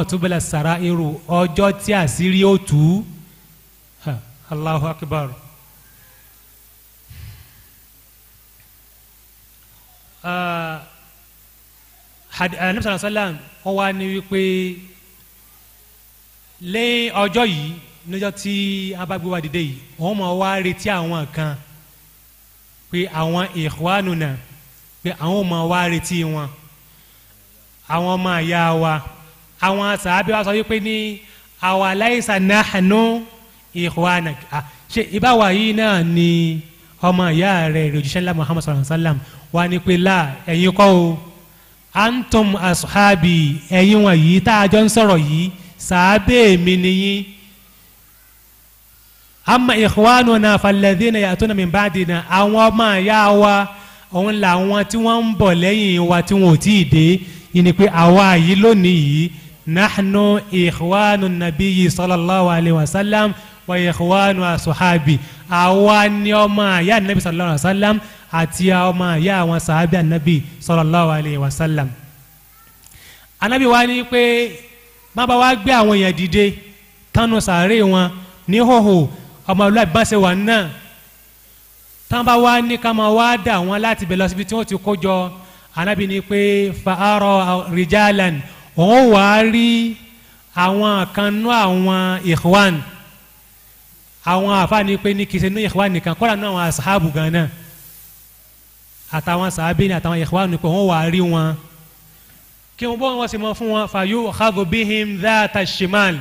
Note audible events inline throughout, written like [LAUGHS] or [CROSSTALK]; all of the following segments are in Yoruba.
ọ̀túnbẹ̀lẹ̀ sàrà irú ọjọ́ tí àṣírí ó tú Allahu Akbar. anabi ah, eh, sallallahu alayhi wa sallam ó wá ní wípé lé ọjọ́ yìí níjọ́ tí abágbé wa dìde yìí wọ́n mọ̀ wá retí àwọn kan pé àwọn ikhwanuna pé àwọn mọ̀ wá retí wọn àwọn ọmọ àyà wa àwọn sàábẹ́ wa sọ wípé ní àwa láìsà nahnu ikhwanak ṣe ìbáwá yìí náà ni ọmọ ìyá rẹ̀ ìròjíṣẹ́ ńlá muhammad sallallahu alayhi wa sallam wa ni pé là ẹ̀yin kọ́ o antum asuhabi ẹ̀yin wọ̀nyí tá a jọ ń sọ̀rọ̀ yìí sàábẹ́ mi nìyí ama ikhwanuna falladhina ya'tuna min ba'dina àwọn ọmọ ìyá wa òun làwọn tí wọ́n ń bọ̀ lẹ́yìn wa tí wọ́n ò tí ì dé ìní pé àwa yìí lónìí yìí nahnu ikhwanu nabiyyi sallallahu alayhi wa sallam wa ikhwanu asuhabi àwa ni ọmọ àyà nabi sallallahu alayhi wa sallam àti ọmọ àyà àwọn sahabi anabi sallallahu alayhi wa sallam. anabi wa ni pé má bá wa gbé àwọn èèyàn dìde tánu sàárè wọn ní hòhò ọmọlúwàbí bá ṣe wà náà tán bá ní ká máa wá dà wọn láti bẹ̀ lọ síbi tí wọ́n ti kó jọ anabi ni pé fa'arọ rijalan òun wà á rí àwọn kan nú àwọn ikhwan àwọn àfáàní pé ní kìí ṣe nú ikhwan nìkan kọ́ra nú àwọn asahabu gan náà àtàwọn sàábì ní àtàwọn ikhwan pé òun wà á rí wọn kí wọn bọ́ wọn sì mọ fún wọn fàyọ ọ̀hádùn bíhìm dáàtà shimal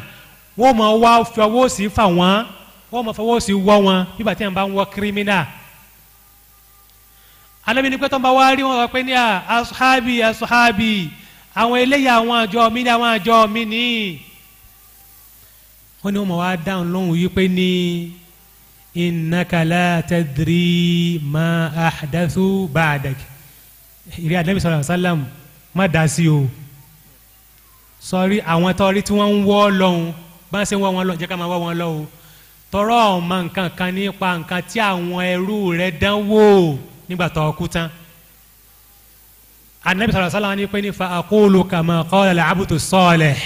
wọn mọ wá fọwọ́ sí fà wọ́n wọn mọ fọwọ́ sí wọ́ wọn bíbà tí wọn bá ń wọ kírímínà alábìnrin pé tó ń bá wá rí wọn wá pé ní à ah, asuhabi àwọn eléyà àwọn àjọ mi ní àwọn àjọ mi ní wọ́n ní wọ́n mọ̀ wá dáhùn lóhùn yìí pé ní innaka la tadri ma ahdathu ba'dak ìrí àdébí sallallahu alaihi wasallam má dá sí o sọrí àwọn tọrí tí wọ́n ń wọ́ lọ́hùn bá ń ṣe ń wọ́ wọn lọ jẹ́ ká máa wọ́ wọn lọ o tọrọ ọmọ nǹkan kan nípa nǹkan tí àwọn ẹrú rẹ̀ dánwò nígbà tó kú tán anabi sọ̀rọ̀ sálà ni pé ní fa aqulu kama qala al-abdu salih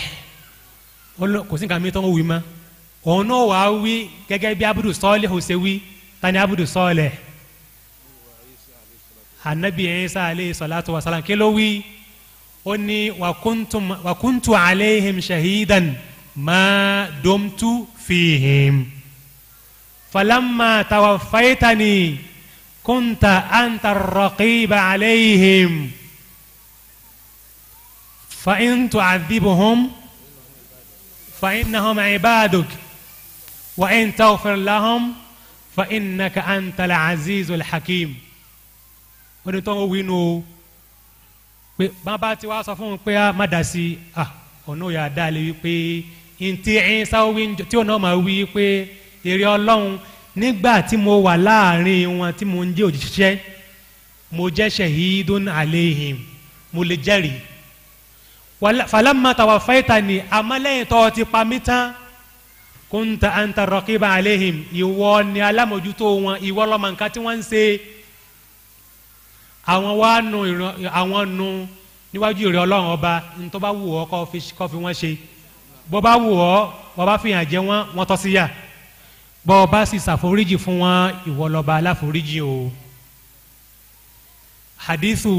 kò sí nǹkan mi tó ń wí mọ́ òun náà wàá wí gẹ́gẹ́ bí abudu salih ò ṣe wí tani abudu salih anabi Isa aleyhi salatu wa salam kí ló wí ó ní wa kuntu shahidan ma dumtu fihim falamma tawaffaytani kunta anta ar فإن تعذبهم فإنهم عبادك وإن تغفر لهم فإنك أنت العزيز الحكيم wọ́n ní tó ń wí nu o pé bàbá tí wàá sọ fún un pé a ah, má ah, tí ọ̀nà máa wí pé èrè ọlọ́run nígbà tí mo wà láàrin wọn tí mo ń jẹ́ òjíṣẹ́ mo jẹ́ shahidun alayhim mo lè jẹ́rìí falama tawafaitani amalẹyin tó ti pa mí tán kunta anta raqiba alehim ìwọ ni alámòjútó wọn ìwọ lọmọ nǹkan tí wọn ń ṣe àwọn wa nu àwọn nu níwájú rẹ̀ Ọlọ́run ọba ntọ́ bá wù ọ́ kọ́ fi wọ́n ṣe bọ́ bá wù ọ́ wọ́n bá fìyàn jẹ wọ́n wọ́n tọ́ sí yà bọ́ ọ bá sì ṣàforíjì fún wọn ìwọ lọ́ba aláforíjì o hadithu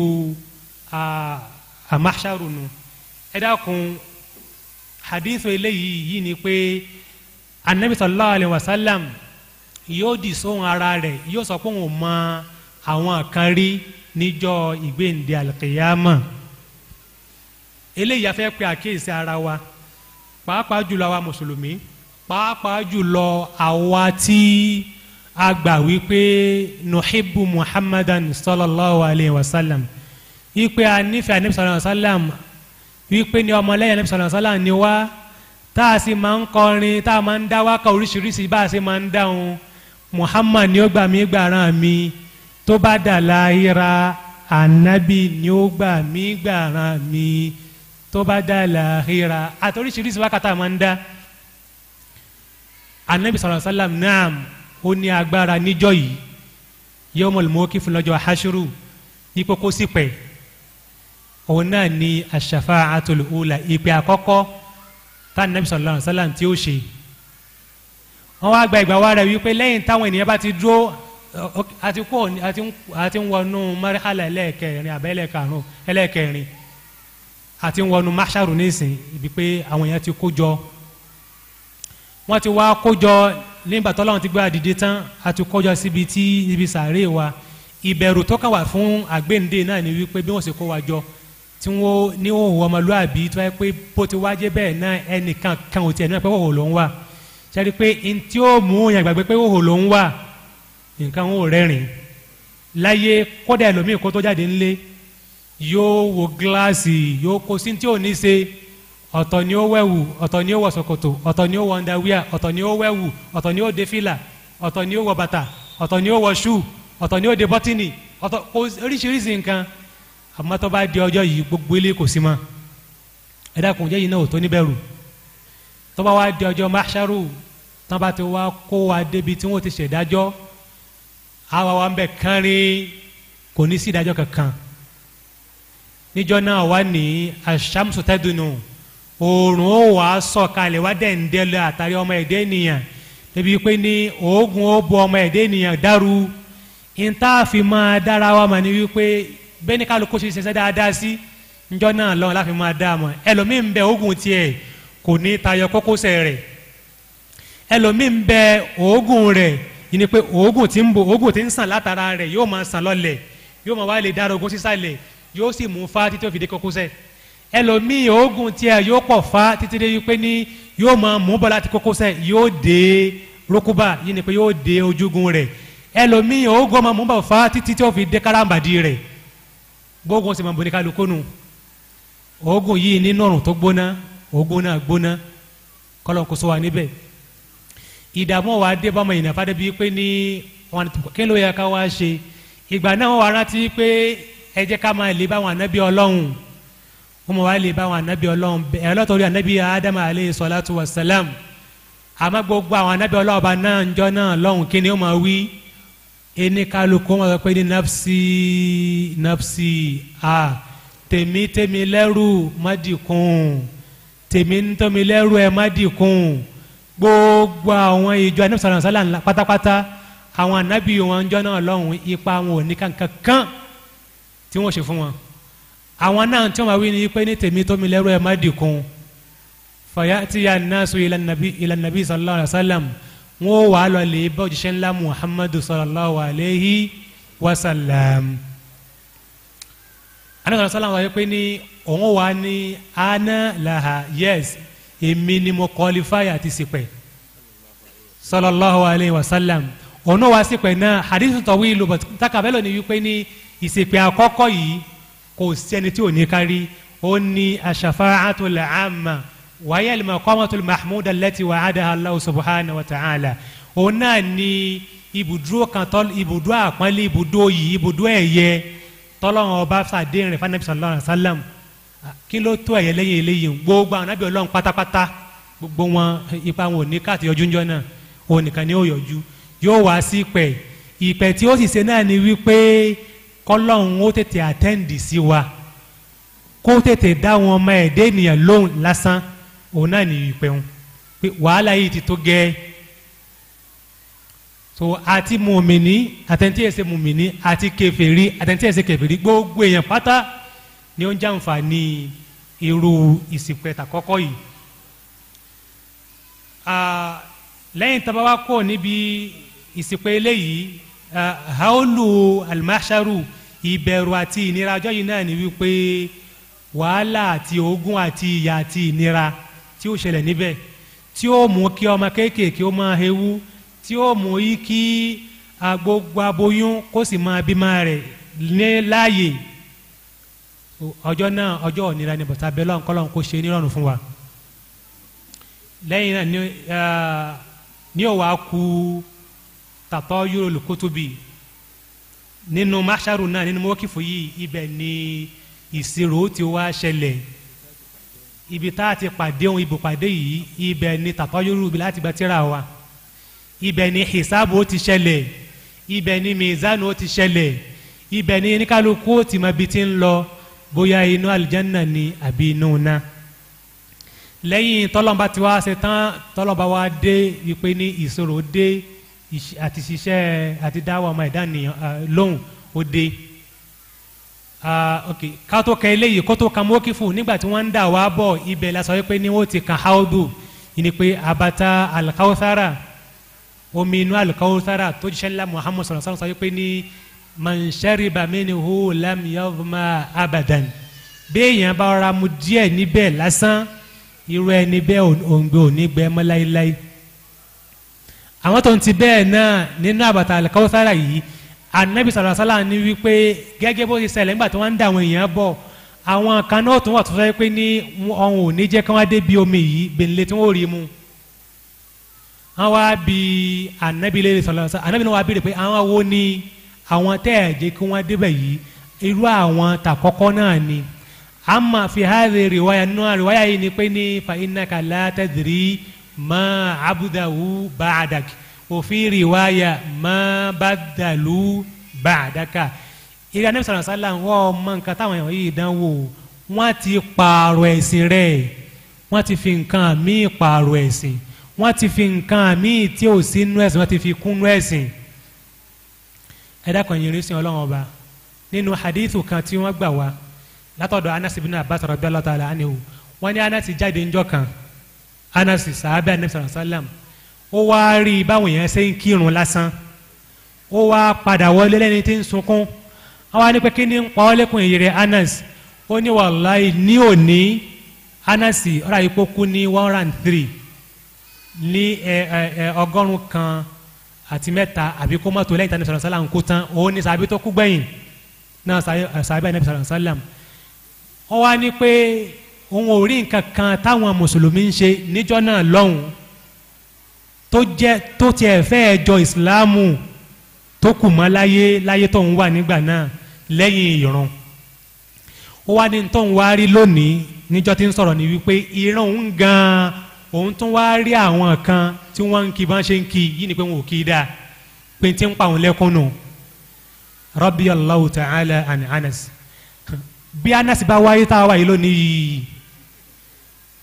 amahsharunu. Uh, ẹ dákun hadith eléyìí yìí ni pé anabi sallallahu alayhi wa sallam yóò di sóhun ara rẹ̀ yóò sọ pé òun mọ àwọn kan rí níjọ́ ìgbéǹde alkiyama eléyìí a fẹ́ pe àkíyèsí ara wa pàápàá jùlọ àwa mùsùlùmí pàápàá jùlọ àwa tí a gbà wípé nuhibbu muhammadan sallallahu alayhi wa sallam yí pé a nífẹ̀ẹ́ anabi sallallahu alayhi wa sallam wípé ní ọmọlẹ́yìn Ànábì sallallahu alaihi wasallam ni wá tá a sì máa ń kọrin tá a máa ń dá wákà oríṣiríṣi bá a sì máa ń dáhùn Muhammad ni ó gbà mí gbàràn mi tó bá dà láhìíra ànábì ni ó gbà mí gbàràn mi tó bá dà láhìíra àti oríṣiríṣi wákà tá a máa ń dá ànábì sallallahu alaihi wasallam ó ní agbára níjọ́ yìí yawmul mawqif fún lọ́jọ́ aṣọ́rù ipò kó sì pẹ̀ òun náà ni ash-shafa'atul ula ìpè àkọ́kọ́ tá nàbí sallallahu alaihi wasallam tí ó ṣe wọn wá gba ìgbà wa rẹ wípé lẹ́yìn táwọn ènìyàn bá ti dúró àti kó àti ń wọnú márìhálà ẹlẹ́ẹ̀kẹrin àbẹ́lẹ́karùn ẹlẹ́ẹ̀kẹrin àti ń wọnú máṣáàrù nísìn ibi pé àwọn èèyàn ti kó jọ wọ́n ti wá kó jọ nígbà tó láwọn ti gbé àdìde tán àti kó jọ síbi tí ibi sàárè wa ìbẹ̀rù tó kàn wà fún àgbéǹde náà ni wípé bí wọ́n ṣe kó wa jọ tí wọ́n ní òun ọmọlúàbí tó yẹ pé bó ti wájé bẹ́ẹ̀ náà ẹnìkan kan ò tiẹ̀ náà pé òhò ló ń wà sẹ́ni pé n tí ó mú yàn gbàgbé pé òhò ló ń wà nǹkan ò rẹ́rìn láyé kódà ẹlòmíì kó tó jáde ńlé yóò wo gíláàsì yóò kó sí tí ò ní ṣe ọ̀tọ̀ ni ó wẹ̀wù ọ̀tọ̀ ni ó wọ ṣòkòtò ọ̀tọ̀ ni ó wọ ndawíà ọ̀tọ̀ ni ó wẹ̀wù ọ̀tọ̀ ni ó dé fìlà ọ̀tọ̀ ni ó wọ bàtà ọ̀tọ̀ ni ó wọ ṣúù ọ̀tọ̀ ni ó dé bọ́tínì ọ̀tọ̀ oríṣiríṣi nǹkan àmọ́ tó bá di ọjọ́ yìí gbogbo ilé kò sí mọ́ ẹ dákun jẹ́ yìí náà ò tó níbẹ̀rù tó bá wá di ọjọ́ máṣáru tó bá ti wá kó wa débi tí wọ́n ti ṣèdájọ́ àwa wa ń bẹ̀ kánrin kò ní sí ìdájọ́ kankan níjọ́ náà wá ní aṣàmùsù tẹ́dùnú oòrùn ó wà á sọ̀kalẹ̀ wá dẹ̀ǹdẹ̀ àtàrí ọmọ ẹ̀dẹ́ ènìyàn débi pé ní oògùn ó bu ọmọ ẹ̀dẹ́ ènìyàn dàrú ìta fi máa dára wa mà ní wípé bẹ́ẹ̀ ni kálukú ṣe ṣiṣẹ́ dáadáa sí njọ́ náà lọ́wọ́ láfi máa dá a mọ̀ ẹlòmíín bẹ oògùn tiẹ̀ kò ní tayọ kókósẹ̀ rẹ̀ ẹlòmíín bẹ oògùn rẹ̀ yìí ni pé oògùn ti ń bo oògùn ti ń sàn látara rẹ̀ yóò máa sàn lọ́lẹ̀ yóò máa wá lè dára ogun sísàlẹ̀ yóò sì mú fa títí ó kókósẹ̀ ẹlòmíín oògùn tiẹ̀ yóò pọ̀ fa títí dé pé ní yóò máa mú bọ́ láti kókósẹ̀ yóò dé rókúbà yìí ni pé yóò dé ojúgun rẹ̀ ẹlòmíín oògùn máa mú bọ̀ fa títí tí ó fi dé káràmbàdì bóògùn sì máa borí kálukú nù oògùn yìí nínú ọ̀rùn tó gbóná oògùn náà gbóná kọ́lọ̀ kó sọ wa níbẹ̀ ìdààmú wa dé bámu yìí nàfàdé bíi pé ní wọn kí ló yẹ ká wá ṣe ìgbà náà wọn wá rántí pé ẹ jẹ́ ká máa lè báwọn ànábì ọlọ́run wọn máa wá lè báwọn ànábì ọlọ́run ẹ lọ́tọ̀ọ́rí ànábì ádámù aleyhi sọlá tó wà sálám gbogbo àwọn ànábì ọlọ́run ọba náà ń jọ náà lọ́hùn kí ni ó máa wí ẹni kálukú wọn sọ pé ní nafsi a tèmi tèmi lẹ́rù má dìkun tèmi ń tọ́ mi lẹ́rù ẹ e má dìkun gbogbo àwọn ìjọ anabi sọ̀rọ̀ sọ́là ńlá pátápátá àwọn anabi wọn jọ náà lọ́hùn ipa wọn ò ní kankan kan tí wọ́n ṣe fún wọn àwọn náà tí wọ́n máa wí ni pé ní tèmi tọ́ lẹ́rù ẹ má dìkun fàyà tí yà nà so ìlànà nàbí sallallahu alaihi wọn wà á lọ lè bá òjíṣẹ́ ńlá muhammadu sallallahu alayhi wa sallam anagba sallam wáyé pé ní òun wà ní ana laha yes èmi ni mo qualify àti ṣìpẹ̀ sallallahu alayhi wa sallam òun wà ṣìpẹ̀ náà hadith tawilu but takabẹ́lò ni wípé ní ìṣìpẹ̀ àkọ́kọ́ yìí kò sẹ́ni tí ò ní kárí ó ní ash-shafa'atul 'amma wàyẹ̀ al-maqamatul mahmud allati wa'adaha Allahu subhanahu wa ta'ala òun náà ni ibùdó kan tọ́ ibùdó àpọ́nlé ibùdó yìí ibùdó ẹ̀yẹ tọ́lọ́run ọba sàdéhìn rẹ̀ fanabi sallallahu alayhi wa sallam kí gbogbo àwọn anábìyẹ ọlọ́run pátápátá gbogbo wọn ipa wọn ò káàtì yọjú ńjọ náà òun nìkan ni ó yóò wá sí ìpẹ́ ìpẹ́ tí ó sì ṣe náà ni wípé kọ́lọ́run ó tètè àtẹ́ǹdì sí wa kó tètè dá wọn ọmọ ẹ̀dẹ́ ènìyàn lóhùn lásán òun náà ní ìpẹ̀hùn pé wàhálà yìí ti tó gẹ́ so àti mùmìnì àtẹ̀ntì ẹ̀sẹ̀ mùmìnì àti kẹfẹ́rí àtẹ̀ntì ẹ̀sẹ̀ kẹfẹ́rí gbogbo èèyàn pátá ni ó ń jàǹfààní irú ìsìnkẹta kọ́kọ́ yìí lẹ́yìn tábà wá kọ́ níbi ìsìnkú eléyìí haolu almasharu ìbẹ̀rù àti ìnira ọjọ́ yìí náà ni wípé wàhálà àti ogun àti ìyà àti ìnira tí ó ṣẹlẹ̀ níbẹ̀ tí ó mú kí ọmọ kéékèèké ó máa hewu tí ó mú yí kí gbogbo aboyún kó sì máa bímọ rẹ̀ ní láàyè ọjọ́ náà ọjọ́ ònira ni bàtà bẹ́ẹ̀ lọ́nkọ́ lọ́nkọ́ ṣe nírọ̀rùn fún wa lẹ́yìn náà ní ó wá tàtọ́ yúrò lùkútùbì nínú máṣáàrù náà nínú mọ́kìfù yìí ibẹ̀ ni ìṣirò tí ó wá ṣẹlẹ̀ ibi tá a ti pàdé ohun ibùpàdé yìí ibẹ̀ ni tàtọ́yúrú ibi láti gba wa ibẹ̀ ni hisabu ó ti ṣẹlẹ̀ ibẹ̀ ni mizanu ó ti ṣẹlẹ̀ ibẹ̀ ni oníkálukú ó ti mọ ibi tí ń lọ bóyá inú aljanna ni àbí inú na lẹ́yìn tọ́lọ́mba tí wàá ṣe tán tọ́lọ́mba wa dé wípé ní ìṣòro dé àti ṣiṣẹ́ àti dáwọ́ ọmọ ẹ̀dá nìyàn lóhùn ó dé. Ah, ká tó ka eléyìí kó tó ka mọ́kífù nígbà tí wọ́n ń dà wá bọ̀ ibẹ̀ la sọ pé ni wọ́n ti kan haudu yìí ni pé abata alikawusara omi inú alikawusara tó jíṣẹ́ ńlá muhammadu sallallahu alaihi wasallam sọ pé ni manshariba minhu lam yadhma abadan béèyàn bá ra mu díẹ̀ níbẹ̀ lásán irú ẹni bẹ́ẹ̀ òǹgbẹ òní gbẹ mọ́ láéláé àwọn tó ń ti bẹ́ẹ̀ náà nínú abata alikawusara yìí anabi sàlọ́ sálà ní wípé gẹ́gẹ́ bó ṣe ṣẹlẹ̀ nígbà tí wọ́n ń da àwọn èèyàn bọ̀ àwọn kan náà wà tó sọ pé ní ọ̀hún ò ní jẹ́ kí wọ́n dé bí omi yìí bèlè tí wọ́n rí mu wọ́n wá bi anabi lè sọ̀rọ̀ sọ̀rọ̀ anabi náà wá bi rè pé àwọn wo ni àwọn tẹ́ ẹ̀ jẹ́ kí wọ́n débẹ̀ yìí irú àwọn tàkọ́kọ́ náà ni àmà fi hàdè rìwáyà nínú rìwáyà yìí ni pé ní fa iná kàlá tẹ̀dìrí òfin rìwáyà máa bá dàlú bàdákà ìrìn àná sàlàn sàlàn wọ́n mọ nǹkan táwọn èèyàn yìí dánwò wọ́n ti pààrọ̀ ẹ̀sìn rẹ̀ wọ́n ti fi nǹkan míì pààrọ̀ ẹ̀sìn wọ́n ti fi nǹkan míì tí ò sí nú ẹ̀sìn wọ́n ti fi kúnú ẹ̀sìn ẹ dákun yìí rísìn ọlọ́run ọba nínú hadithu kan tí wọ́n gbà wá látọ̀dọ̀ Anas ibn Abbas radiyallahu ta'ala anhu wọ́n ní Anas jáde ńjọ́ kan Anas sàábẹ́ anabi sàlàn sàlàn ó wá rí báwọn èèyàn ṣe ń kírun lásán ó wá padà wọlé lẹ́ni tí ń sunkún àwa ní pé kí ni ń pa ọ́ lẹ́kùn èyí Anas ó ní wàláì ní òní Anas ọ̀rọ̀ àyíkó kú ní one hundred and three ní ọgọ́rùn-ún kan àti mẹ́ta àbí kó mọ́tò lẹ́yìn tani sọ̀rọ̀ sálàm kó tán òun ní sàbí tó kú gbẹ̀yìn náà sàbí àyìn sọ̀rọ̀ sálàm ó wá pé òun ò rí nǹkan kan táwọn mùsùlùmí ń ṣe níjọ́ náà lọ́hùn-ún tó jẹ́ tó tiẹ̀ fẹ́ jọ ìsìláàmù tó kù mọ́ láyé láyé tó ń wà nígbà náà lẹ́yìn ìran ó wá ní tó ń wá rí lónìí níjọ́ tí ń sọ̀rọ̀ ní wípé ìran òun gan òun tún wá rí àwọn kan tí wọ́n ń kí bá ń ṣe ń kí yìí ni pé wọn ò kí dáa pé tí ń pa òun lẹ́kún nù Rabbi Allahu ta'ala àni Anas bí Anas bá wáyé tá a wáyé lónìí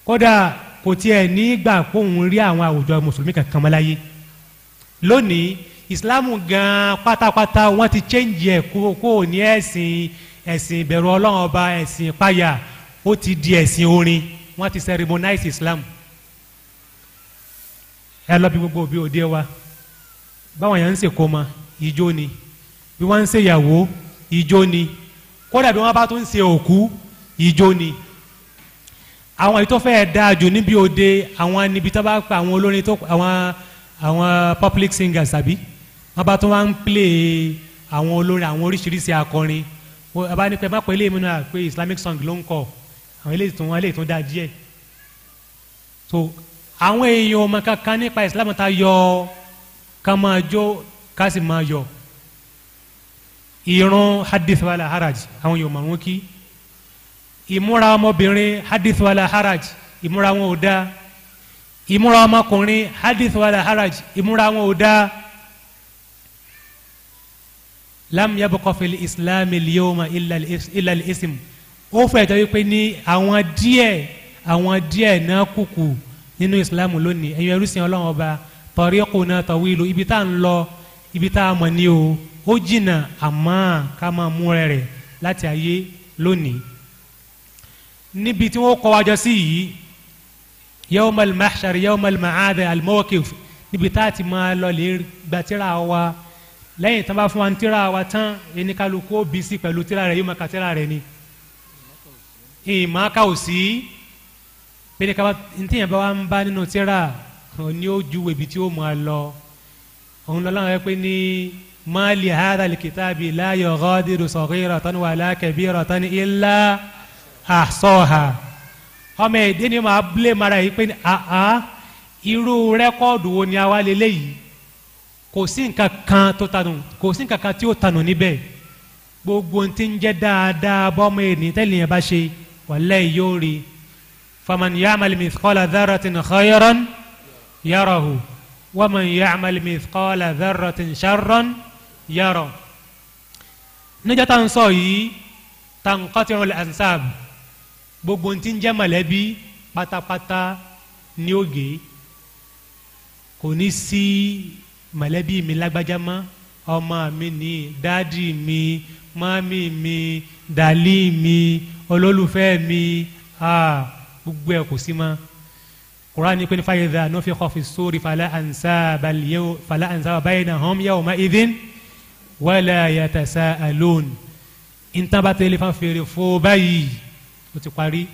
kódà kò tiẹ̀ ní gbà kóun rí àwọn àwùjọ mùsùlùmí kankan mọ́láyé lónìí ìsìláàmù gan pátápátá wọ́n ti chẹ́ǹjì ẹ̀ kó o ní ẹ̀sìn ẹ̀sìn ìbẹ̀rù ọlọ́run ọba ẹ̀sìn ìpáyà ó ti di ẹ̀sìn orin wọ́n ti ceremonize islam ẹ lọ bí gbogbo òbí òde wa báwọn yẹn ń ṣèkó ma ijó ni bí wọ́n ń ṣèyàwó ijó ni kódà bí wọ́n bá tún ń ṣe òkú ijó ni àwọn ètò fẹ́ẹ́ dáa jù níbi òde àwọn níbi tó bá pa àwọn olórin tó àwọn àwọn public singers àbí wọn bá tó wá ń play àwọn olórin àwọn oríṣiríṣi akọrin wọn bá ní pẹ́ má pẹ́ eléyìí múnú à pé islamic song ló ń kọ àwọn eléyìí tó wọn eléyìí tó dáa díẹ̀ so àwọn èèyàn ọmọ kankan nípa islam ta yọ ká máa jó ká sì máa yọ ìran hadith wala haraj àwọn èèyàn wọn kí ìmúra ọmọbìnrin hadith wala haraj ìmúra wọn ò dáa ìmúra ọmọkùnrin hadith wala haraj ìmúra wọn ò dáa lam yabqa fil islam al-yawma illa al-ism ó fẹ́ jẹ́ wípé ní àwọn díẹ̀ àwọn díẹ̀ náà kùkù nínú islam lónìí ẹ̀yin ẹrú sìn ọlọ́run ọba tariquna tawilu ibi tá à ń lọ ibi tá a mọ̀ ní o ó jìnnà àmọ́ ká máa mú rẹ̀ rẹ̀ láti ayé lónìí níbi tí wọ́n kó wa jọ sí yìí yawmal mahshar yawmal ma'ad al-mawqif níbi tá a ti máa lọ lè gba tírà wa lẹ́yìn tán bá fún wa ní tírà wa tán ẹni kálukú ó bí sí pẹ̀lú tírà rẹ̀ yóò máa ka tírà rẹ̀ ni ìmọ̀ ká ò sí ntí yẹn bá wa ń bá nínú tírà ní ó ju ibi tí ó máa lọ òun lọ́la wọn pé ní ma li hadha al-kitabi la yughadiru saghiratan wala kabiratan àsọ̀hà ọmọ èdè ni màá blé mara yìí pé àá irú rẹ́kọ́ọ̀dù wo ni a wá lélẹ̀ yìí kò sí nǹkan kan tó tanù kò sí nǹkan kan tí ó tanù níbẹ̀ gbogbo ti ń jẹ́ dáadáa bọ́mọ ènìyàn tẹ́lẹ̀ yẹn bá ṣe wàlẹ́ yóò rí faman ya'mal mithqala dharratin khayran yarahu waman ya'mal mithqala dharratin sharran yarahu níjọ́ tá à sọ yìí tanqati'u al-ansab gbogbo ntí ń jẹ́ mọ̀lẹ́bí pátápátá ní ògè kò ní sí mọ̀lẹ́bí mi lágbájá mọ́ ọmọ mi ní dáàdì mi mọ́mí mi dàlí mi olólùfẹ́ mi gbogbo ẹ̀ kò sí mọ́ kuraani kpɛni fa yedha nufi kofi suuri fala ansaaba liyew fala ansaaba baynahum yawma idhin wala yatasaalun intabata elefa feere fo bayi ó ti parí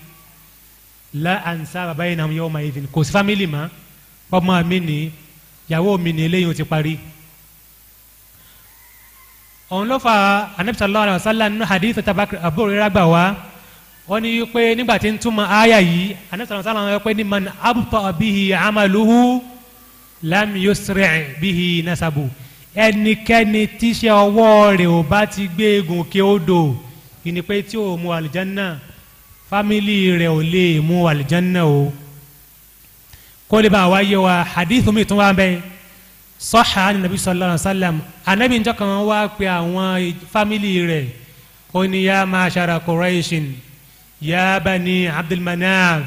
la ansaba bainahum yawma idhin kò sí fámìlì mọ́ ọmọ mi ní ìyàwó mi ní eléyìí ó ti parí. òun ló fa anabi sallallahu alayhi wa sallam nínú hadith Abu Hurairah gbà wá wọ́n ní pé nígbà tí ń túmọ̀ àyà yìí anabi sallallahu alayhi wa pé ní man abta bihi amaluhu lam yusri' bihi nasabu ẹnikẹ́ni tíṣẹ́ ọwọ́ rẹ̀ ò bá ti gbé egun kí ó dò ìní pé tí ò mú àlùjánnà fámìlì rẹ̀ ò lè mú àlìjánná o kó lè bá a wáyé wa hadith mi tún wá bẹ́ẹ̀ sọ́ha nàbí sallallahu alaihi wasallam anabi njọ́ kan wá pé àwọn fámìlì rẹ̀ ó ní yá ma'ashara quraishin yá bani abdulmanaf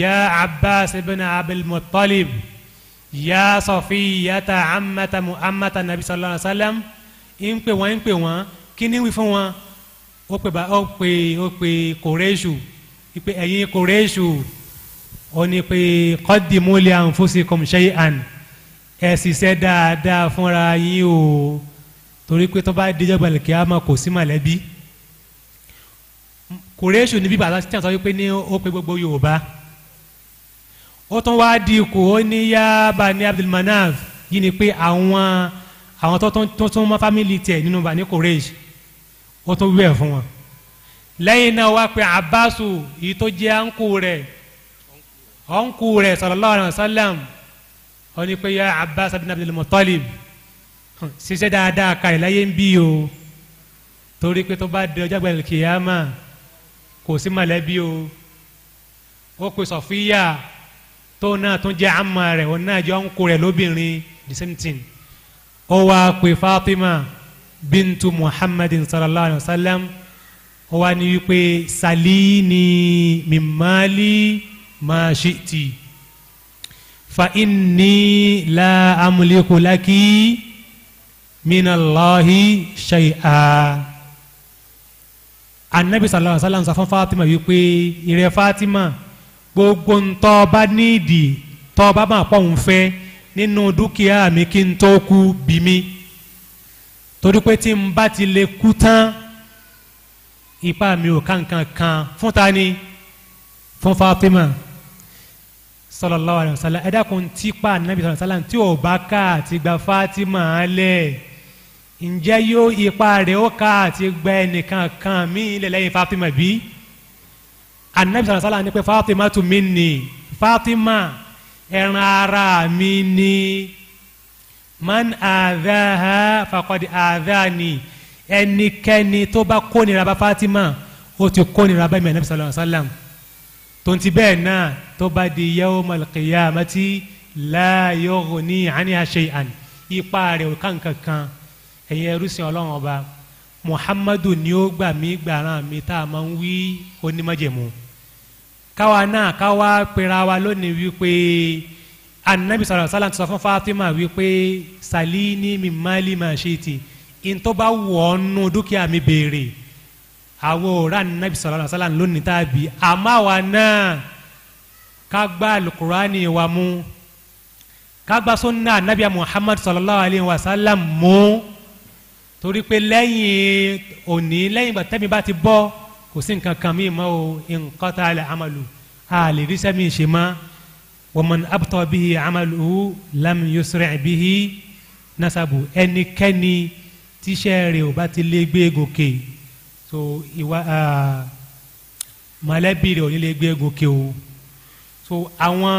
yá abbas ibn abdulmuttalib yá safiyata amata muhammad nàbí sallallahu alaihi wasallam ń pè wọ́n ń pè wọ́n kí ni wí fún wọn ó pè bá ó pè ó pè kòrèṣù ìpè ẹ̀yin kòrèṣù ó ní pé qaddimu li anfusikum shay'an ẹ ṣiṣẹ́ dáadáa fúnra yín o torí pé tó bá dijọ́ balẹ̀ kí a máa kò sí mọ̀lẹ́bí kòrèṣù ní bíbá àti àtọ́ wípé ní ó pè gbogbo yorùbá ó tún wá di ikú ó ní yá bani abdulmanaf yìí ni pé àwọn àwọn tó tún mọ́ fámìlì tiẹ̀ nínú bani kòrèṣù ó tó wí ẹ̀ fún wọn lẹ́yìn náà wá pé abasu yìí tó jẹ́ ọ̀nkù rẹ̀ ọ̀nkù rẹ̀ sallallahu alaihi wasallam ó ní pé ya abbas abdul abdul muttalib ṣiṣẹ́ dáadáa ka ìláyé ń bí o torí pé tó bá di ọjọ́ àgbẹ̀lẹ̀ kìyàmà kò sí mọ̀lẹ́bí o ó pe sọ̀fíyà tó náà tún jẹ́ àmà rẹ̀ òun náà ọ̀nkù rẹ̀ lóbìnrin the same thing ó wá pe fatima bintu muhammadin sallallahu alayhi wa sallam ó wá ní wípé salini mimali ma shi'ti fa inni la amliku laki minallahi shay'a anabi sallallahu alaihi wasallam sọ fún fatima wípé ìrẹ fatima gbogbo ntọ́ bá nídìí tọ́ máa pọ̀ ń fẹ́ nínú dúkìá mi kí n tó kú bí mi torí pé tí n bá ti lè kú tán ipá mi ò kankan kan fún ta ni fún Fatima sallallahu alayhi wa sallam ẹ dákun tí pa anabi sallallahu alayhi wa sallam tí ò bá ká àti gba Fatima lẹ ǹjẹ́ yóò ipa rẹ̀ ó ká àti gba ẹnìkan kan mí lẹ́yìn Fatima bí anabi sallallahu ní pé Fatima tu minni Fatima ẹran ara mi ni man àdáhà fàkọ́dì àdáhàní ẹnikẹ́ni tó bá kónira bá Fatima ó ti kónira bá mi ànábì sallallahu alayhi wa sallam tonti bẹ́ẹ̀ náà tó bá di yawmal qiyamati la yughni anha shay'an ipa rẹ̀ ò kankankan ẹ̀yin ẹrú sin ọlọ́run ọba muhammadu ni ó gbà mí gbàràn mi tá a máa ń wí onímọ̀jẹ̀mú káwa náà káwa pera wa lónìí wípé anabi sallallahu alaihi wasallam sọ fún fatima wípé salini mi mali ma ṣe ti ntọ́ bá wọ̀ ọ́nù dúkìá mi béèrè àwọn òrà anabi sallallahu alaihi wasallam lónìí tàbí àmọ́ àwa náà ká gba alukurani wa mú ká gba sunna anabi muhammad sallallahu alaihi wasallam mú torí pé lẹ́yìn òní lẹ́yìn ìgbà tẹ́mi bá ti bọ́ kò sí nǹkan kan mi mọ́ o nǹkan tá a lè amalu a lè ríṣẹ́ mi ṣe mọ́. ومن أبطأ به عمله لم يسرع به نسبه ẹnikẹ́ni tíṣẹ́ rẹ̀ ò bá ti so ìwà mọ̀lẹ́bí rẹ̀ ò ní lè o so àwọn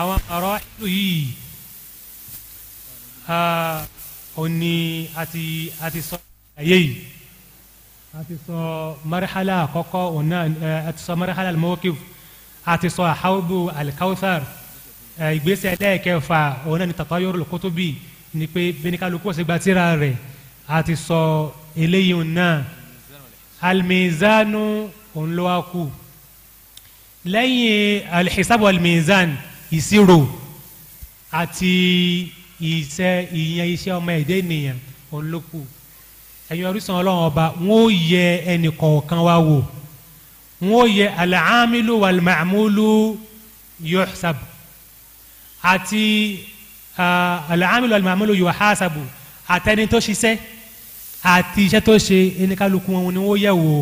àwọn ọ̀rọ̀ ìlú yìí ò ní àti àti sọ ayé yìí àti sọ marahala àkọ́kọ́ ọ̀nà àti sọ marahala al àti sọ àhàwùdù alikawthar ìgbésẹ̀ ẹlẹ́ẹ̀kẹfà òun náà ni tàtàyọ̀rù lùkútùbì ni pé bẹ́nìkálukú ọ̀sẹ̀ gbatira rẹ̀ àti sọ eléyìí náà almizanu òun ló wá kù lẹ́yìn alhisabu almizan ìṣirò àti iṣẹ́ ìyẹn iṣẹ́ ọmọ ẹ̀dẹ́ ènìyàn òun ló orísun ọlọ́run ọba wọn ò yẹ ẹnì kọ̀ọ̀kan wá wò n ó yẹ alaamilu walimamulu yuhsabu àti alaamilu walimamulu yuhasabu àtẹni tó ṣiṣẹ́ àti iṣẹ́ tó ṣe ẹnìkálukú wọn ni wọ́n yẹ̀ wò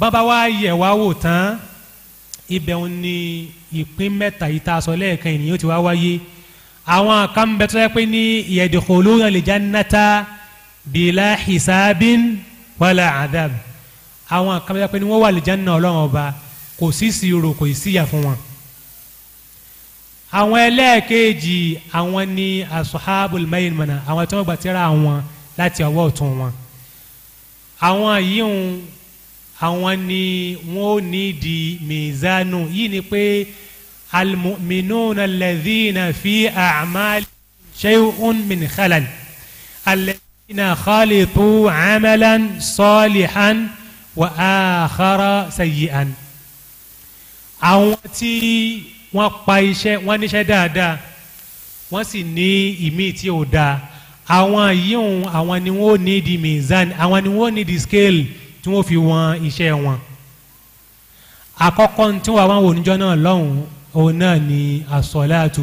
bàbá wa yẹ̀ wá wò tán ibẹ̀ ń ní ìpín mẹ́ta yìí sọ lẹ́ẹ̀kan ènìyàn ti wá wáyé àwọn kan bẹ tó yẹ pé ní yadkhuluna al-jannata bila hisabin wala adab àwọn kan bẹ́ẹ̀ pé ni wọ́n wà lìjánná ọlọ́run ọba kò sí ìṣirò kò sí ìyà fún wọn. àwọn ẹlẹ́ẹ̀kejì àwọn ni asuhabul maimuna àwọn tí wọ́n gbà tẹ́ra àwọn láti ọwọ́ ọ̀tún wọn. àwọn yìí ń àwọn ni wọ́n ní di mizanu yìí ni pé almu'minuna alladhina fi a'mal shay'un min khalal alladhina khalitu amalan salihan wa akhara sayyi'an àwọn tí wọ́n pa iṣẹ́ wọ́n níṣẹ́ dáadáa wọ́n sì ní ìmíì tí ò dáa àwọn yíyún àwọn ni wọ́n ní di mizan àwọn ni wọ́n ní di scale tí wọ́n fi wọn iṣẹ́ wọn àkọ́kọ́ tí wọ́n àwọn oníjọ́ náà lọ́hùn òun náà ni àsọ̀láàtù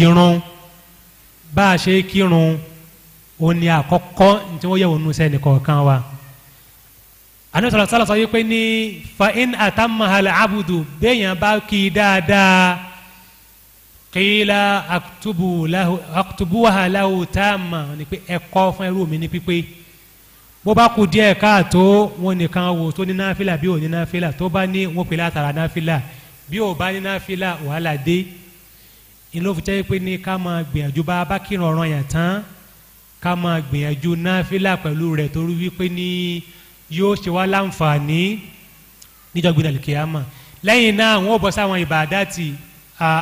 ìrun bá a ṣe kírun òun ni àkọ́kọ́ tí wọ́n yẹ̀ wọ́n nu sẹ́nìkọ̀ọ̀kan wa anabi sọlá sọlá sọ yìí pé ní fa in atamahala abudu béèyàn bá kì í dáadáa qila aktubu lahu aktubuha lahu ni pé ẹ̀kọ́ fún ẹrú mi ní pípé bó bá kú díẹ̀ káàtó wọn nìkan wò tó ní náfìlà bí ò ní náfìlà tó bá ní wọn pè látara náfìlà bí ò bá ní náfìlà wàhálà dé ìlófin jẹ́ pé ní ká máa gbìyànjú bá bá kírun ọ̀ranyàn tán ká máa gbìyànjú náfìlà pẹ̀lú rẹ̀ torí wípé ní. Ni yóò ṣe wá láǹfààní níjọ́ gbé dàlùkì àmà lẹ́yìn náà àwọn ò bọ́ sáwọn ìbàdàtì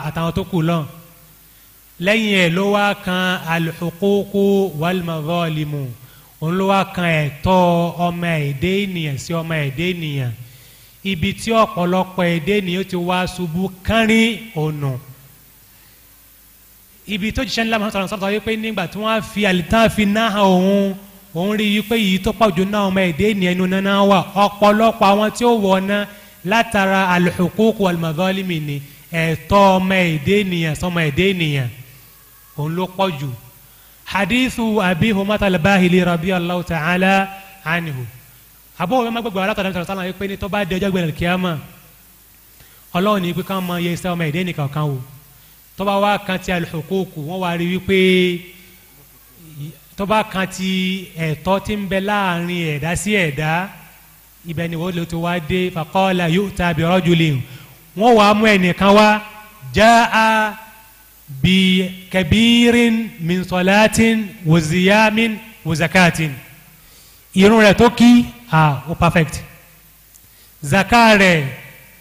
àtàwọn tó kù lọ́n lẹ́yìn ẹ̀ ló wá kan alùpùpù wàlùmọ̀rọ́ọ̀lìmù òun ló wá kan ẹ̀tọ́ ọmọ èdè ènìyàn sí ọmọ èdè ènìyàn ibi tí ọ̀pọ̀lọpọ̀ èdè ènìyàn ti wá ṣubú kánrín ọ̀nà ibi tó jíṣẹ́ ńlá mọ́tò sọ̀rọ̀ sọ̀rọ̀ wípé nígbà tí wọ́n á fi àlìtàn fi náà òun òun rí i pé yìí tó pàjù náà ọmọ èdè ní ẹnu náà náà wà ọ̀pọ̀lọpọ̀ àwọn tí ó wọ̀ ná látara al-huquq wal-madhalimi ni ẹ̀tọ́ ọmọ èdè nìyẹn sọmọ èdè nìyẹn òun ló pọ̀jù hadithu abi humata al-bahili radiyallahu ta'ala anhu àbúrò wọn gbẹgbẹ wọn látọ̀dọ̀ sọ̀rọ̀ sálàyé pé ní tó bá di ọjọ́ gbẹ̀rẹ̀ kíámà ọlọ́run ní pípa ọmọ yẹn sẹ́ ọmọ èdè nìkan kan wò tó bá wá kan ti al wọn wá rí wípé tọ́ba kan ti ẹ̀tọ́ ti ń bẹ láàrin ẹ̀dá sí ẹ̀dá ibẹ̀ ni wọ́n lè tó wá dé faqala yu'ta bi rajulin wọ́n wàá mú ẹnìkan wá jaa bi kabirin min salatin wa ziyamin wa zakatin irun rẹ̀ tó kí ah o perfect zaka rẹ̀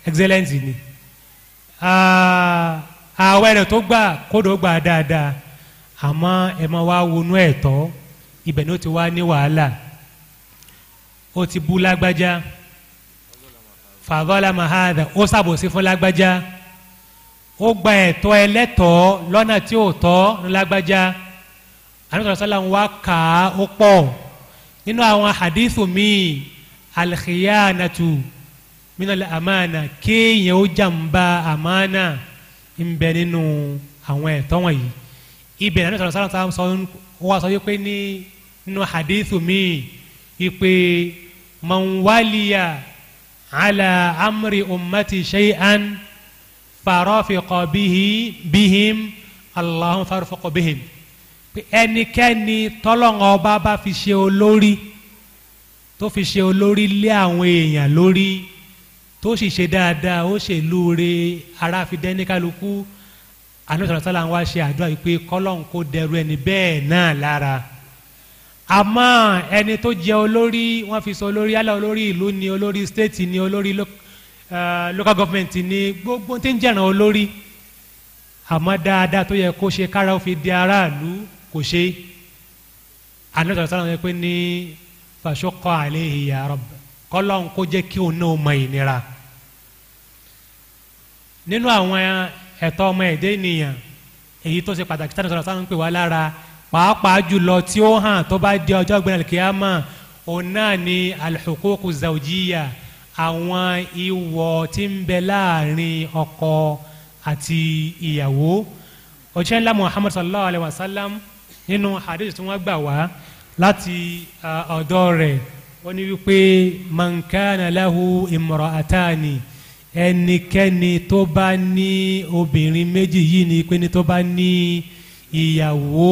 excellent ni ààwẹ̀ rẹ̀ tó gbà kódò gbà dáadáa àmọ́ ẹ mọ wá wọnú ẹ̀ tọ́ ibẹ̀ ní ó ti wá ní wàhálà ó ti bú lágbájá fàgọ́lá mahadà ó ṣàbòsí fún lágbájá ó gba ẹ̀tọ́ ẹlẹ́tọ̀ọ́ lọ́nà tí ò tọ́ ní lágbájá àdúgbò sọ́lá ń wá kà á ó pọ̀ nínú àwọn hadithu míì alxiyanatu minal amana kéèyàn ó jàǹbá amana ń bẹ nínú àwọn ẹ̀tọ́ wọ̀nyí ibẹ̀ náà sọ̀rọ̀ sọ̀rọ̀ sọ̀rọ̀ sọ̀rọ̀ wá sọ wípé ní nínú hadithu mi ìpè mọ̀nwálìyà àlà amri ummati shay'an farafiqa bihim allahumma farafiqa bihim ẹnikẹ́ni tọ́lọ́ngọ́ ọba bá fi ṣe olórí tó fi ṣe olórí lé àwọn èèyàn lórí tó sì ṣe dáadáa ó ṣèlú re ara fi dẹ́ni kálukú anusọ̀rọ̀ sọ́la ń wá ṣe àdúrà yìí pé kọ́lọ́n kó dẹrú ẹni bẹ́ẹ̀ náà lára àmọ́ ẹni tó jẹ́ olórí wọ́n fi sọ olórí yálà olórí ìlú ni olórí stéètì ni olórí local government ni gbogbo tí ń jẹ̀ràn olórí àmọ́ dáadáa tó yẹ kó ṣe kára ó fi di aráàlú kò ṣe anusọ̀rọ̀ sọ́la ń wá pé ní fàṣọkọ àlẹ́ ìyá kọ́lọ́n kó jẹ́ kí òun náà mọ ìnira nínú àwọn ẹ̀tọ́ ọmọ ẹ̀dá ènìyàn èyí tó ṣe pàtàkì sani sọ̀rọ̀ sanu ń pè wá lára pàápàá jùlọ tí ó hàn tó bá di ọjọ́ gbẹ̀rẹ̀ kíámà òun náà ni alhuququ zawjiya àwọn ìwọ tí ń bẹ láàrin ọkọ àti ìyàwó òjíṣẹ́ ńlá muhammad sallallahu alayhi wa sallam nínú hadith tí wọ́n gbà wá láti uh, ọ̀dọ̀ rẹ̀ wọ́n ní wípé man kana lahu imra'atani ẹnikẹ́ni tó bá ní obìnrin méjì yìí ni pé ni tó bá ní ìyàwó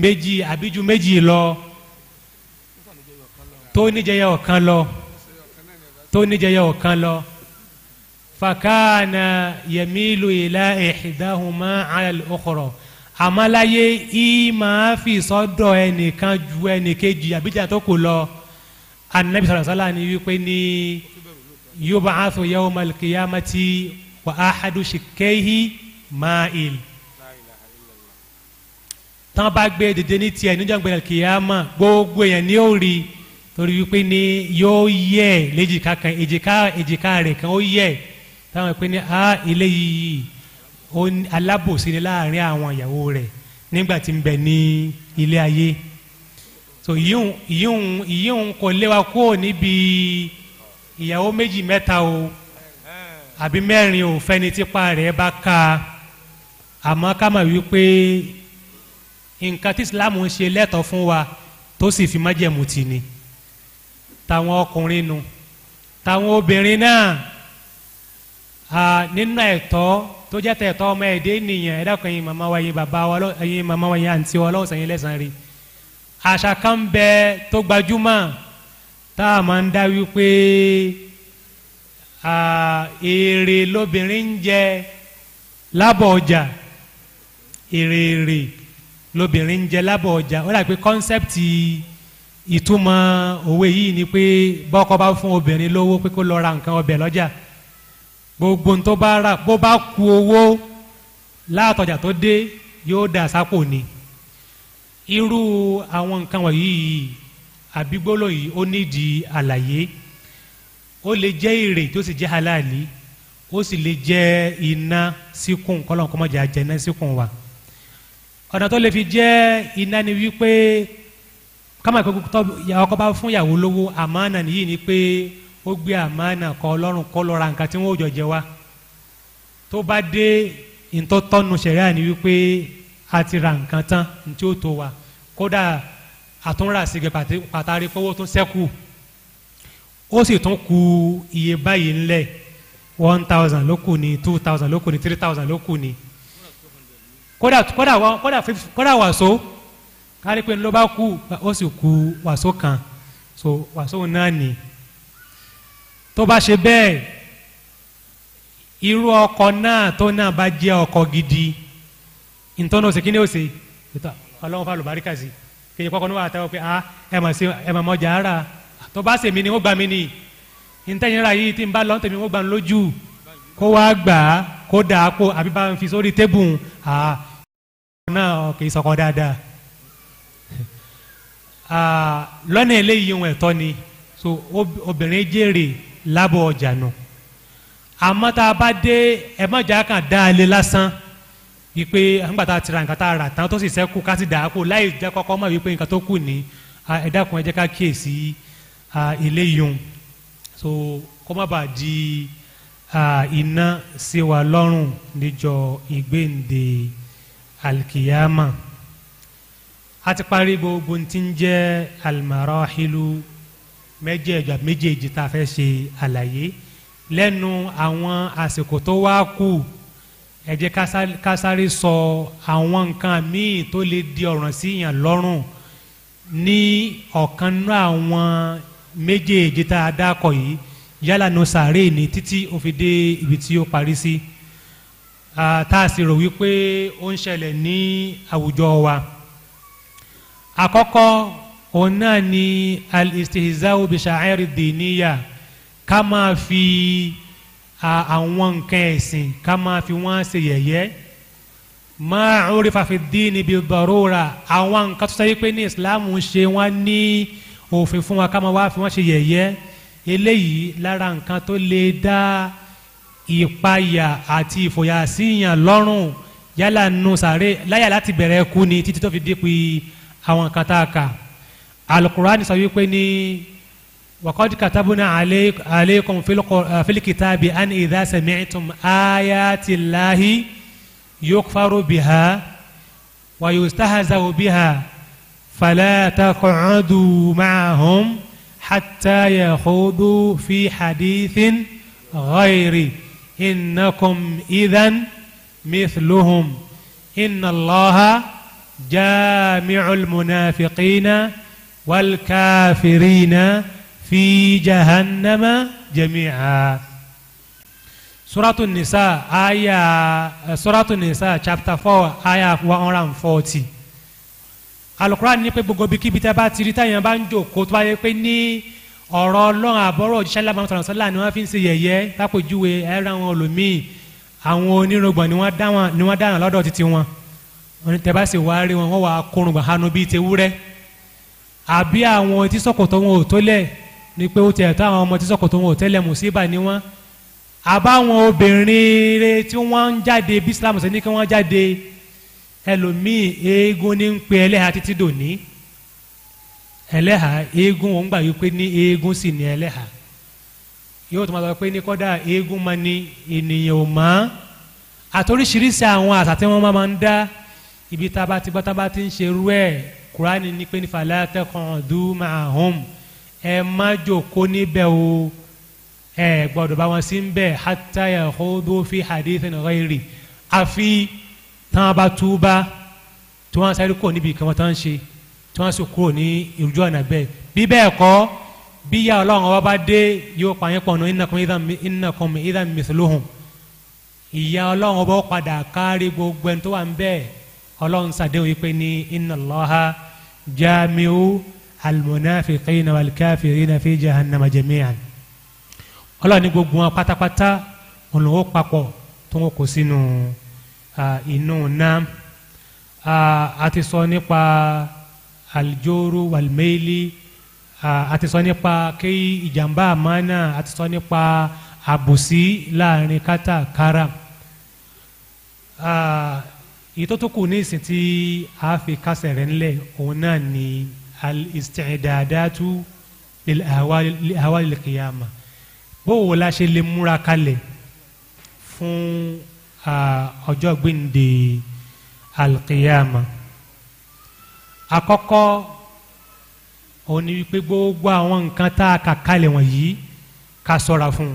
méjì àbí jù méjì lọ tó níjẹyẹ ọ̀kan lọ tó níjẹyẹ ọ̀kan lọ fakana yamilu ila ihdahuma ala al-ukhra àmàláyé ìmàá fi sọ́dọ̀ ẹnìkan ju ẹnìkejì àbíjà tó kù lọ anabi sallallahu ni wípé ní yub'athu yawmal qiyamati wa ahadu shikkeihi ma'il tán bá gbé dìde ní tiẹ̀ níjọ́ gbẹ̀rẹ̀ kìyàmà gbogbo èèyàn ní ó rí torí wípé ni yóò yẹ léjìká kan èjìká èjìká rẹ̀ kan ó yẹ táwọn pé ni a ilé yìí alábòsí ni láàrin àwọn ìyàwó rẹ̀ nígbà tí ń bẹ ní ilé ayé so yíyún yíyún yíyún kò léwa kúrò níbi ìyàwó méjì mẹ́ta o àbí mẹ́rin o fẹ́ni tipa rẹ̀ bá ka àmọ́ ká mà wípé nǹkan tí Islam ń ṣe lẹ́tọ̀ọ́ fún wa tó sì fi májẹ̀mú tì ní táwọn ọkùnrin nu táwọn obìnrin náà nínú ẹ̀tọ́ tó jẹ́ tẹ̀tọ́ ọmọ ẹ̀dẹ́ nìyẹn ẹ̀dá kan yín màmá wa yín bàbá wa yín màmá wa yín àǹtí wa ọlọ́wọ́sàn yín lẹ́sàn-án rí àṣà kan bẹ tó gbajúmọ̀ tá a máa ń dá wípé èrè lóbìnrin ń jẹ lábọ̀ ọjà èrè èrè lóbìnrin ń jẹ lábọ̀ ọjà ó dà pé kọ́nsẹ́pìtì ìtumọ̀ òwe yìí ni pé bọ́kọ bá fún obìnrin lówó pé kó lọ ra nǹkan ọbẹ̀ lọ́jà gbogbo tó bá rà bó bá ku owó látọjà tó dé yóò dà sápò ni irú àwọn nǹkan wọ̀nyí yìí àbí gbólóhùn di ó nídìí àlàyé ó lè jẹ́ èrè tó sì jẹ́ halali ó sì lè jẹ́ iná síkùn kọ́lọ́n kọ́ mọ́jà wa ọ̀nà tó lè fi jẹ́ iná ni wípé kámá ìpè tó ọkọ bá fún ìyàwó lówó àmánà ni pé ó gbé àmánà kọ ọlọ́run kọ́ lọ́ra nǹkan tí wọ́n ò jọ jẹ wá tó bá dé ìtọ́tọ́nu wípé a ti ra nǹkan tán ní tí ó wa àtúnrà sí gẹ pàtàkì pọ́wọ́ tó sẹ́kù ó sì tún ku iye báyìí ńlẹ̀ one thousand ló kù ní two thousand ló kù ní three thousand ló kù ní kódà kódà wà kódà fífi kódà wàsó kárí pé ló bá kú ó sì ku wàsó kan so wàsó náà nì tó bá ṣe bẹ́ẹ̀ irú ọkọ náà tó náà bá jẹ́ ọkọ gidi ntọ́nà òsè kí ni ó ọlọ́run fà lùbáríkà sí i kí ni kọ́kọ́ ní wàá tẹ́wọ́ pé ah ẹ mọ̀ sí ẹ mọ̀ mọ́jà ara tó bá sèmi ni ó gbà mí ni ntẹ́yìn ra yìí tí n bá lọ́n tèmi ó gbà ń lójú kó wá gbà á kó dà á kó àbí bá ń fi sórí tébù ah náà kì í sọkọ dáadáa [LAUGHS] ah, lọ́nà eléyìí ohun ẹ̀tọ́ ni so obìnrin jèrè lábọ̀ ọjà nù àmọ́ tá a bá dé ẹ̀ mọ̀jà kan dáa lé lásán wípé nígbà tá a ti ra nǹkan tá a rà tán tó sì sẹ́kù ká sì dàá kó láì jẹ́ kọ́kọ́ mọ̀ wípé nǹkan tó kù ní ẹ dákun ká kíyèsí ilé yun so kó má bàa di iná sí wa lọ́rùn níjọ́ ìgbéǹde alkiyama a ti parí gbogbo tí ń jẹ́ almarahilu mẹ́jẹ̀ẹ̀jọ méjèèjì tá a fẹ́ ṣe àlàyé lẹ́nu àwọn àsìkò tó wá kù ẹ jẹ́ ká sáré sọ àwọn nǹkan míì tó lè di ọ̀ràn sí yàn lọ́rùn ní ọ̀kan nínú àwọn méjèèjì tá a dákọ̀ yìí yálà nù sàárè ní títí ó ibi tí ó parí sí tá a sì rò wípé ó ń ṣẹlẹ̀ ní àwùjọ wa àkọ́kọ́ òun náà ni al-istihza'u bi sha'air ká máa fi àwọn nǹkan ẹ̀sìn ká máa fi wọ́n ṣe yẹ̀yẹ́ máa ń rí fàfi dín níbi bàróra àwọn nǹkan tó sẹ́yìn pé ní ìsìláàmù ń ṣe wọ́n ní òfin fún wa ká máa wá fi wọ́n ṣe yẹ̀yẹ́ eléyìí lára nǹkan tó lè dá ìpayà àti ìfòyà síyàn lọ́rùn yálà nù sàré láyà láti bẹ̀rẹ̀ kú ni títí tó fi dípì àwọn nǹkan tá a kà alukurani sọ wípé ní. وقد كتبنا عليك عليكم في, في الكتاب أن إذا سمعتم آيات الله يكفر بها ويستهزأ بها فلا تقعدوا معهم حتى يخوضوا في حديث غيري إنكم إذا مثلهم إن الله جامع المنافقين والكافرين fi jahannama jami'a suratu nisa aya suratu nisa chapter four aya one hundred and forty alukuran ní pé gbogbo ibikíbi tẹ́ bá ti rí táyàn bá ń jòkó tó bá yẹ pé ní ọ̀rọ̀ ọlọ́run àbọ̀rọ̀ òjíṣẹ́ lábàámu sọ̀rọ̀ sọ́lá ni wọ́n fi ń ṣe yẹ̀yẹ́ lápòjúwe ẹ̀rọ àwọn olùmíì àwọn onírògbọ̀n ni wọ́n dáhùn lọ́dọ̀ títí wọn tẹ́ bá sì wá rí wọn wọ́n wà á kórùngbọ̀n hanu bíi tewúrẹ́ àbí àwọn etí sọ̀kòtò wọn ò tó lẹ̀ ni pé ó tiẹ̀ táwọn ọmọ tí sọ̀kòtò wọn ò tẹ́lẹ̀ mùsíbà ni wọ́n àbáwọn obìnrin rẹ tí wọ́n ń jáde bí Islam ṣe ní kí wọ́n jáde ẹlòmíì eégún ní ń pe ẹlẹ́hà títí dòní ẹlẹ́hà eégún òun gbà yí pé ní eégún sì ní ẹlẹ́hà yóò tó máa sọ pé ní kọ́dà eégún máa ní ènìyàn ò mọ́ àtòríṣiríṣi àwọn àṣà tí wọ́n máa ń dá ibi tá a bá ti gbọ́ tá a bá ti ń ṣerú ẹ̀ Kúránì ní pé ní falẹ́ atẹ́kọ̀ọ́ dùn máa hùm ẹ má jòkó níbẹ̀ o ẹ gbọ́dọ̀ bá wọn sí ń bẹ̀ hatta yakhudu fi hadithin ghairi àfi tán bá túbá tí wọ́n sáré kúrò níbi ìkànnì tán ń ṣe tí wọ́n sì kúrò ní ìrújú ọ̀nà bẹ́ẹ̀ bí bẹ́ẹ̀ kọ́ bí ìyà ọlọ́run ọba bá dé yóò pa yín pọ̀nù innakum idhan mithluhum ìyà ọlọ́run ọba ó padà kárí gbogbo ẹni tó wà ń bẹ́ẹ̀ ọlọ́run ṣàdéhùn yìí pé ní inna Allaha jamiu almunafiqina walkafirina fi jahannama jami'an ọlọ́ọ̀ni gbogbo wọn pátápátá olùwò papọ̀ tó ń kó sínú inú náà a ti sọ nípa aljoro walmeili a ti sọ nípa kí ìjàmbá àmánà a ti sọ nípa àbòsí láàrin kátàkárà èyí tó ní ìsìn tí a fi kásẹ̀ rẹ̀ ńlẹ̀ òun náà ni al-isti'dadatu lil-ahwal al-qiyama bówo la ṣe lè múra kalẹ̀ fún ọjọ́ gbìndé al-qiyama àkọ́kọ́ òun ni wípé gbogbo àwọn nǹkan tá a kà kalẹ̀ wọ̀nyí ká sọ́ra fún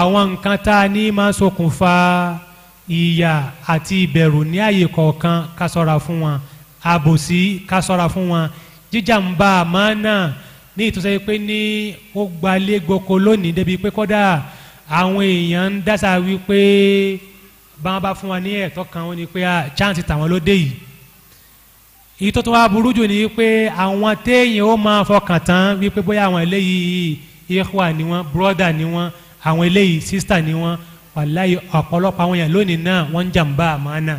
àwọn nǹkan tá a ní máa ṣokùnfà ìyà àti ìbẹ̀rù ní àyè kọ̀ọ̀kan ká sọ́ra fún wọn àbòsí ká ṣọ́ra fún wọn jíjàmbá àmánà ní ìtúsẹ́ pé ní ó gbalé gboko lónìí débi pé kódà àwọn èèyàn ń dásà wípé báwọn bá fún wa ní ẹ̀tọ́ kan ó ní pé ah, chance tàwọn ló dé yìí èyí tó tún wá burú jù ni pé àwọn téèyàn ó máa fọkàn tán wípé bóyá àwọn eléyìí ikhwa ni wọn brother ni wọn àwọn eléyìí sister ni wọn wàláyé ọ̀pọ̀lọpọ̀ àwọn èèyàn lónìí náà wọ́n ń jàǹbá àmánà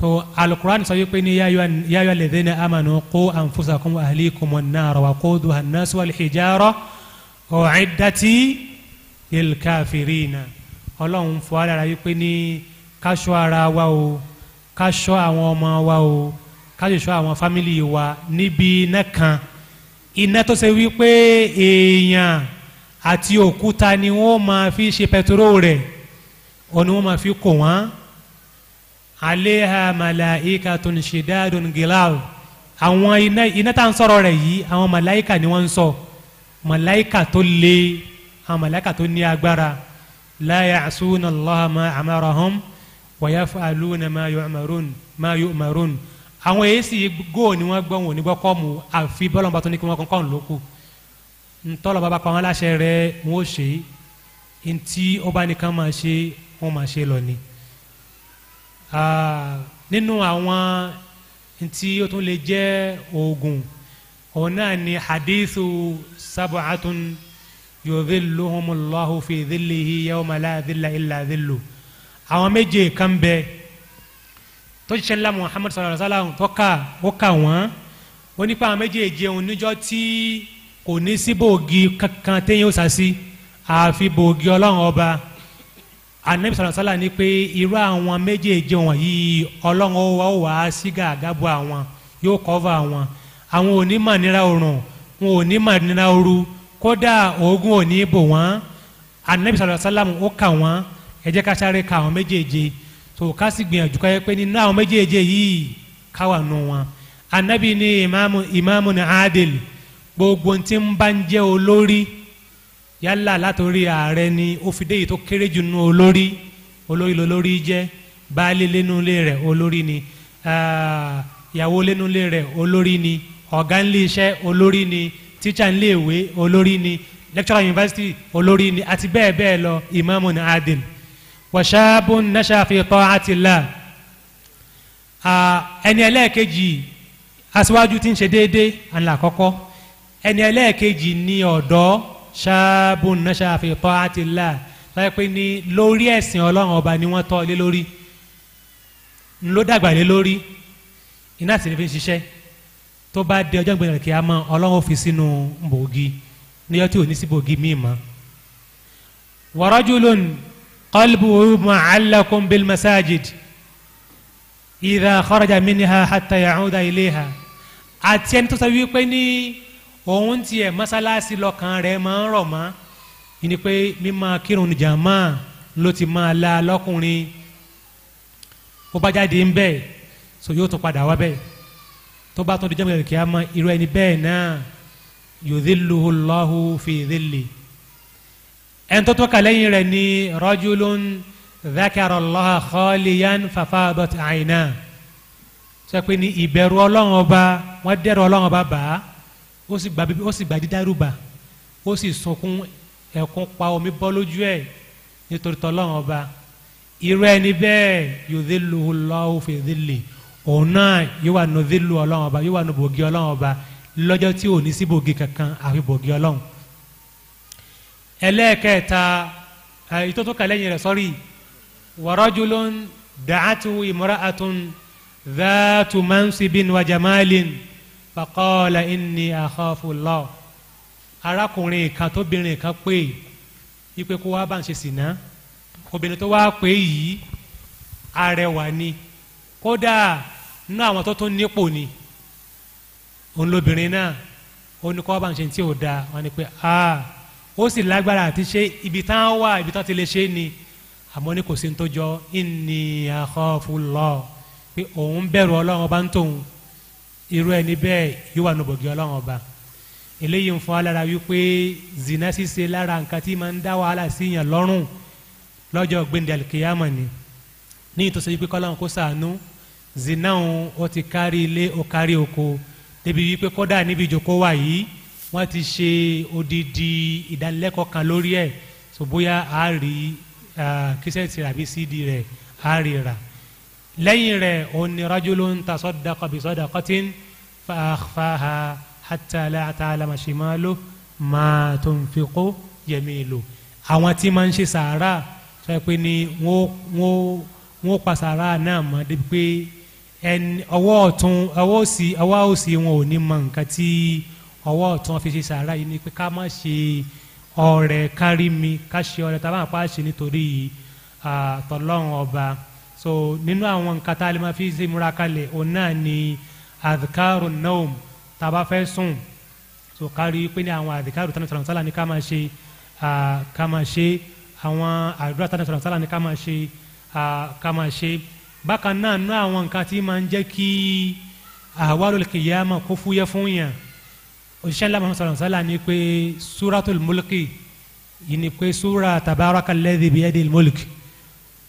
so alukurani sọ wípé ní yáyọ lẹ́dẹ́nà amànú kó anfusakum ahlikum an-nara wa quduha an-nasu wal-hijara u'iddati lil-kafirina ọlọ́run fọ́ ara wípé ní ara wa o káṣọ́ àwọn ọmọ wa o káṣọ́ àwọn fámìlì wa níbi iná kan iná tó ṣe wípé èèyàn ni wọ́n máa fi ṣe pẹtiró rẹ̀ ọ̀ ni wọ́n máa fi kò wọ́n aleha malaika tun shidadun gilaw àwọn iná iná tá à ń sọ̀rọ̀ rẹ̀ yìí àwọn malaika ni wọ́n ń sọ malaika tó le àwọn malaika tó ní agbára la ya'suna Allah ma amarahum wa yaf'aluna ma yu'marun àwọn èsì góò ni wọ́n gbọ́ wọn ò ní gbọ́ mu àfi bọ́lọ́mọba tó ní kí wọ́n kọ́ ń lóko ntọ́lọ́ bàbá kan aláṣẹ rẹ̀ wọ́n ṣe é ntí ọba nìkan máa ṣe wọ́n máa ṣe lọ ni. Ah, nínú àwọn ntí ó tún lè jẹ́ oògùn òun náà ni hadithu sab'atun yudhilluhumullahu fi dhillihi yawma la dhilla illa dhillu àwọn méje kan bẹ tó ṣiṣẹ́ ńlá muhammadu sallallahu alayhi wa sallam tó kà ó kà wọ́n ó nípa àwọn méjèèjì òun níjọ́ tí kò ní sí bòógì kankan téèyàn ó sá sí àfi bòógì ọlọ́run ọba anabi sọlá sọlá ni pé irú àwọn méjèèjì wọ̀nyí ọlọ́run ó wá ó wá sí gàgábọ̀ àwọn yóò kọ́fà àwọn àwọn ò ní mà nira oòrùn wọn ò ní mà nira ooru kódà oògùn ò ní bò wọ́n anabi sọlá sọlá ó kà wọ́n ẹ jẹ́ ká sáré ka àwọn méjèèjì tó ká sì gbìyànjú ká yẹ pé nínú àwọn méjèèjì yìí káwà nù wọn anabi ni imaamu imaamu ni adil gbogbo ti ń bá ń jẹ́ olórí yálà látòrí ààrẹ ni ó fi dé èyí tó kéré jù nínú olórí olórí lolórí jẹ́ baálé lénúlé rẹ̀ olórí ni ìyàwó lénúlé rẹ̀ olórí ni ọ̀gá ńlé iṣẹ́ olórí ni tíṣà ńlé ìwé olórí ni lecturer university olórí ni àti bẹ́ẹ̀ bẹ́ẹ̀ lọ imamun adil wàṣáàbùn nasha fi ta'atillah ẹni ẹlẹ́ẹ̀kejì aṣíwájú tí ń ṣe déédéé ànlá ẹni ẹlẹ́ẹ̀kejì ni ọ̀dọ́ ṣáàbùn náṣà àfihàn àti là láyé pé ní lórí ẹ̀sìn ọlọ́run ọba ni wọ́n tọ́ lé lórí ló dàgbà lé lórí iná sì ní fi ṣiṣẹ́ tó bá dé ọjọ́ ìgbìyànjú kí a mọ ọlọ́run ó fi sínú bòógì níjọ́ tí ò ní sí bòógì míì mọ́. wa rajulun qalbuhu mu'allaqun bil masajid idha kharaja minha hatta ya'uda ilayha àti ẹni tó sọ wípé ní òun tiẹ̀ mọ́sálásí lọ́kàn rẹ̀ máa ń rọ̀ mọ́ ìní pé mímọ kírun jàmá ló ti máa la lọ́kùnrin bó bá jáde ń bẹ̀ so yóò tún padà wá bẹ̀ tó bá tún di jẹ́mi kí a mọ irú ẹni bẹ́ẹ̀ náà yudhilluhu Allahu fi ẹni tó tún kà lẹ́yìn rẹ̀ ni rajulun dhakara Allaha khaliyan fafadat ayna sọ pé ní ìbẹ̀rù ọlọ́run ọba wọ́n dẹ̀rù ọlọ́run ọba bàá ó sì gba bíbí ó sì gba dídárúbà ó sì sunkún ẹkún pa omi bọ́ lójú ẹ̀ nítorí tọ́lọ́run ọba irú ẹni bẹ́ẹ̀ yudhilluhu Allahu fi dhillihi òun náà yóò wà nù dhillu ọlọ́run ọba yóò wà nù bògì ọlọ́run ọba lọ́jọ́ tí ò ní sí bògì kankan àfi bògì ọlọ́run ẹlẹ́ẹ̀kẹta ìtótó kàlẹ́yìn rẹ̀ sọ́rí wa rajulun da'atuhu imra'atun dhatu mansibin wa jamalin faqala inni akhafu Allah arákùnrin kan tóbìnrin kan pè é ipe kó wá bá ń ṣe sìná obìnrin tó wá pè é yìí arẹwà ni kódà nínú àwọn tó tún nípò ni òun lóbìnrin náà ó ní kó wá bá ń ṣe tí ò da wọn ni pé a ó sì lágbára àti ṣe ibi tá ń wà ibi tá ti lè ṣe ni àmọ́ ní kò sí ní tó jọ inni akhafu pé òun bẹ̀rù ọlọ́run ọba ń tòun irú ẹni bẹ́ẹ̀ yóò wà nùbọ̀gì ọlọ́run ọba eléyìí ń fọ́ alára wípé zina ṣíṣe lára nǹkan tí máa ń dá wàhálà sí yàn lọ́rùn lọ́jọ́ gbẹ̀ndẹ̀lì kìyàmọ̀ ni ní ìtòsí wípé kọ́láwọn kó sàánú zina òun ó ti kárí ilé ó kárí oko débi wípé kódà níbi ìjòkó wà yìí wọ́n ti ṣe odidi ìdánilẹ́kọ̀ọ́ kan lórí ẹ̀ so bóyá a rí kíṣẹ́ẹ̀tì rà bí cd rẹ̀ a rí rà lẹ́yìn rẹ̀ òun ni rajulun tasaddaqa bi sadaqatin fa akhfaha hatta la ta'lama shimalu ma tunfiqu yamilu àwọn tí máa ń ṣe sàárà sọ pé ni wọ́n wọ́n pa sàárà náà mọ́ débi pé ẹni ọwọ́ ọ̀tún ọwọ́ òsì ọwọ́ òsì wọn ò ní mọ nǹkan tí ọwọ́ ọ̀tún fi ṣe sàárà yìí ni pé ká má ṣe ọrẹ kárí mi ká ṣe ọrẹ tá a bá pa ṣe nítorí tọlọ́run ọba so nínú àwọn nǹkan tá a lè máa fi ṣe múra kalẹ̀ òun náà ni adhikaru naum tá a bá fẹ́ sùn so kárí pé ní àwọn adhikaru tánà sọ̀rọ̀ sálà ní ká máa ṣe ká máa ṣe àwọn àdúrà tánà sọ̀rọ̀ sálà ní ká máa ṣe ká máa ṣe bákan náà nínú àwọn nǹkan tí máa ń jẹ́ kí ahwalul qiyama kó fúyẹ́ fún yàn òṣìṣẹ́ ńlá Muhammad sọ̀rọ̀ sálà ní pé suratul mulki yìí ni pé sura tabaraka alladhi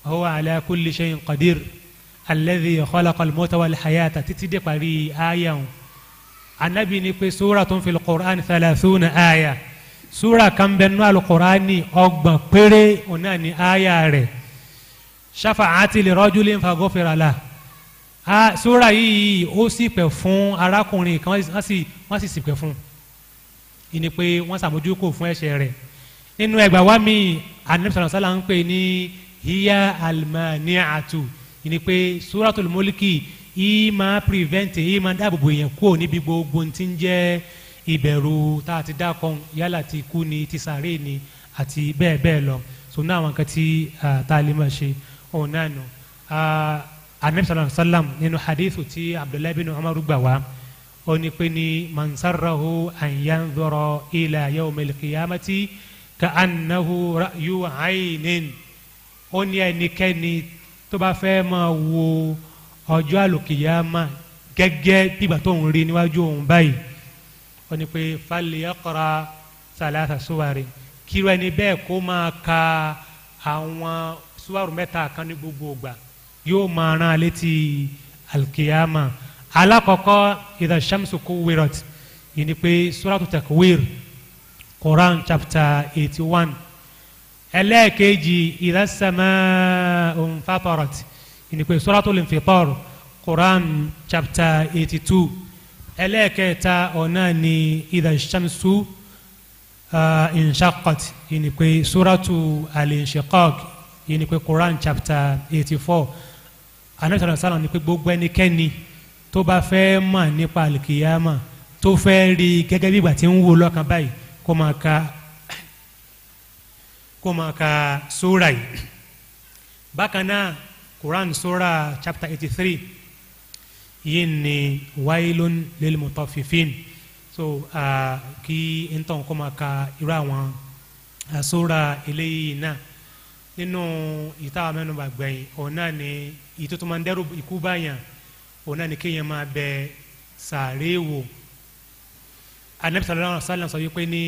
هو على كل شيء قدير الذي خلق الموت والحياة تتدق بي آية النبي نقول سورة في القرآن ثلاثون آية سورة كم بنوا القرآن أقبى قري وناني آية ري شفعت لرجل فغفر له a سورة هي ó sì pẹ̀ fún arákùnrin kan wọ́n sì wọ́n sì sì pẹ̀ fún ìní pé wọ́n ṣàmójúkò fún ẹ̀ṣẹ̀ rẹ̀ nínú ẹgbàá wa mi anabi sàlọ́sálà hiya almaniatu ni pé suratul mulki yìí máa prevent yìí máa dáàbòbò èèyàn kúrò níbi gbogbo tí ń jẹ́ ìbẹ̀rù tá a ti dá kan yálà ti kú ni ti sàárè ni àti bẹ́ẹ̀ bẹ́ẹ̀ lọ so náà àwọn kan tí tá a lè máa ṣe òun náà nù anabi sallallahu alayhi wa sallam nínú hadithu ti abdullahi bin umar gbà wá ó ní pé ní mansarahu anyanzoro ila yawmil qiyamati ka annahu ra'yu aynin ó ní ẹnikẹ́ni tó bá fẹ́ máa wo ọjọ́ àlòkìyàmá gẹ́gẹ́ bígbà tó ń rí níwájú òun báyìí ó ní pé falẹ̀ ọkọ̀ra sàlàsà sówárì kíru ẹni bẹ́ẹ̀ kó máa ka àwọn sówárù mẹ́ta kan ní gbogbo ògbà yóò máa rán létí àlòkìyàmá alákọ̀ọ́kọ́ ìdá sàmùsù kó wérọ̀tì yìí ni pé sóràtú takwir Quran chapter eighty one ẹlẹ́ẹ̀kejì ìdásẹ́mẹ́ ònfàtọ̀rọ̀t ìnìpẹ̀ suratul infitar quran chapter eighty two ẹlẹ́ẹ̀kẹta ọ̀nà ni ìdásẹ́mẹ́sù uh, inshaqat ìnìpẹ̀ suratu al-inshiqaq ìnìpẹ̀ quran chapter eighty four anasala sala ni pé gbogbo ẹnikẹ́ni tó bá fẹ́ mọ̀ nípa alikiyama tó fẹ́ rí gẹ́gẹ́ bí ìgbà tí ń wo lọ́kàn báyìí kó máa ka kó máa ka sóra yìí bákan náà Quran sóra chapter eighty three yìí ni wailun lil fifin so uh, kí n tàn kó máa ka irú àwọn sóra eléyìí náà nínú ìta mẹ́nuba gbẹ̀yìn ọ̀nà ni ìtò tó máa ń dẹ́rù ikú báyàn ọ̀nà ni kéèyàn máa bẹ sàréè wò anabi sallallahu alaihi wa sallam sọ wípé ní.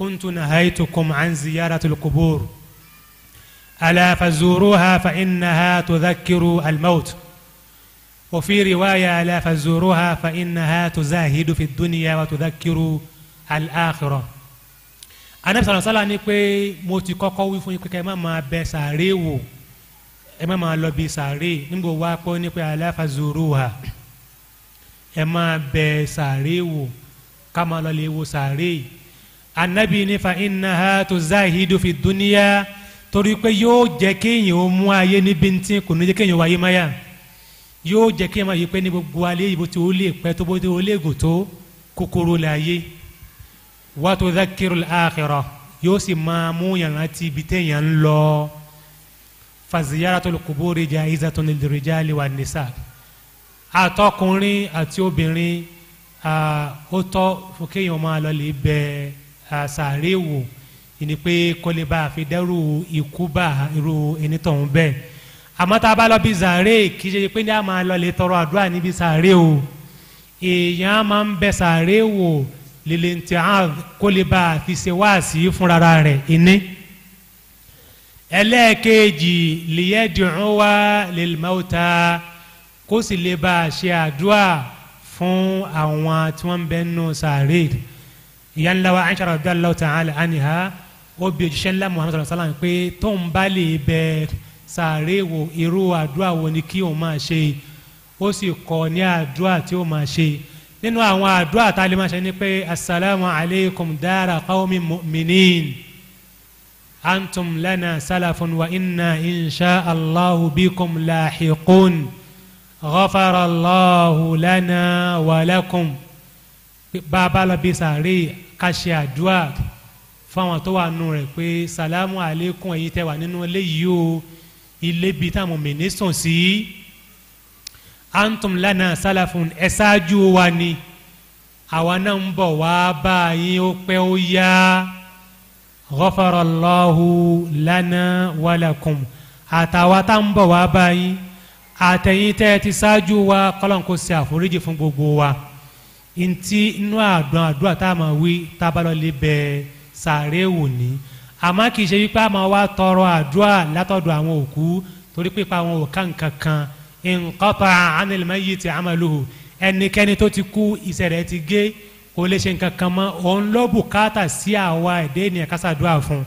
كنت نهيتكم عن زيارة القبور ألا فزوروها فإنها تذكر الموت وفي رواية ألا فزوروها فإنها تزاهد في الدنيا وتذكر الآخرة anabi sọlá sọlá ni pé mo ti kọ́kọ́ wí fún yín pé ẹ má máa bẹ sàárè wò ẹ má máa lọ bí sàárè nígbà wá pé ó ní pé ألا فزوروها ẹ má bẹ sàárè wò ká máa lọ lè wo sàárè yìí anabi ní fa innaha tuzahidu fi dunya torí pé yóò jẹ́ kéèyàn ó mú ayé ní bíntín kò ní jẹ́ kéèyàn wáyé máyà yóò jẹ́ kéèyàn máa yí pé ní gbogbo alẹ́ ìbò tí ó lè pẹ́ tó bó tí ó lè gùn tó kòkòrò láyé wa tudhakkirul akhirah yóò sì máa mú yàn láti ibi téèyàn ń lọ faziyaratul quburi jaizatun lirijali wan nisa àtọkùnrin àti obìnrin ó tọ́ fún kéèyàn máa lọ lè bẹ́ẹ̀ sàárè wò ni pé kọ́lé bá a fi dẹ́rù ikú bá irú ẹni tọ̀hún bẹ́ẹ̀ àmọ́ tá a bá lọ bí sàárè kì í ṣe pé ní a máa lọ lè tọrọ àdúrà níbi sàárè o èèyàn máa ń bẹ sàárè wò lèlè ntẹ hàn kó lè bá a fi ṣe wáàsí fúnra rẹ̀ ẹni. ẹlẹ́ẹ̀kejì lìyẹ́dùnún wá lèlmọ́ta kó sì lè bá a ṣe àdúrà fún àwọn tí wọ́n ń bẹ nù sàárè ìyá ńlá wa Aisha radiyallahu ta'ala anha ó bi òjíṣẹ́ ńlá Muhammad sallallahu alayhi wa sallam pé tóun bá lè bẹ sàárè wo irú àdúrà wo ni kí òun máa ṣe ó sì kọ ní àdúrà tí ó máa ṣe nínú àwọn àdúrà tá a lè máa ṣe ni pé asalaamu alaykum dara qawmi mu'minin antum lana salafun wa inna insha allahu bikum lahiqun ghafara lana wa lakum bàbá lọ bí sàárè ká ṣe àdúrà fáwọn tó wà nù rẹ̀ pé salamu aleykum ẹ̀yin tẹ́ wà nínú ilé yìí o ilé bíi táwọn mèní sùn sí antum lana salafun ẹ ṣáájú wa ni àwa náà ń bọ̀ wá bá yín ó pẹ́ ó yá ghafarallahu lana walakum àtàwa tá ń bọ̀ wá bá yín àtẹ̀yìn tẹ́ ẹ ti ṣáájú wa kọ́lọ́n kó ṣe àforíjì fún gbogbo wa ntí inú àdùn àdúrà tá a máa wí tá a bá lọ lè bẹ sàárè wò ní àmọ́ kì í ṣe wípé a máa wá tọrọ àdúrà látọ̀dọ̀ àwọn òkú torí pípa àwọn òkà nkankan nǹkọ́pà ánìlẹ́mọ̀ yìí ti àmàlùhù ẹnikẹ́ni tó ti kú iṣẹ́ rẹ̀ ti gé kò lè ṣe nkankan mọ́ òun ló bùkátà sí àwa ẹ̀dẹ́ ènìyàn kásádùá fún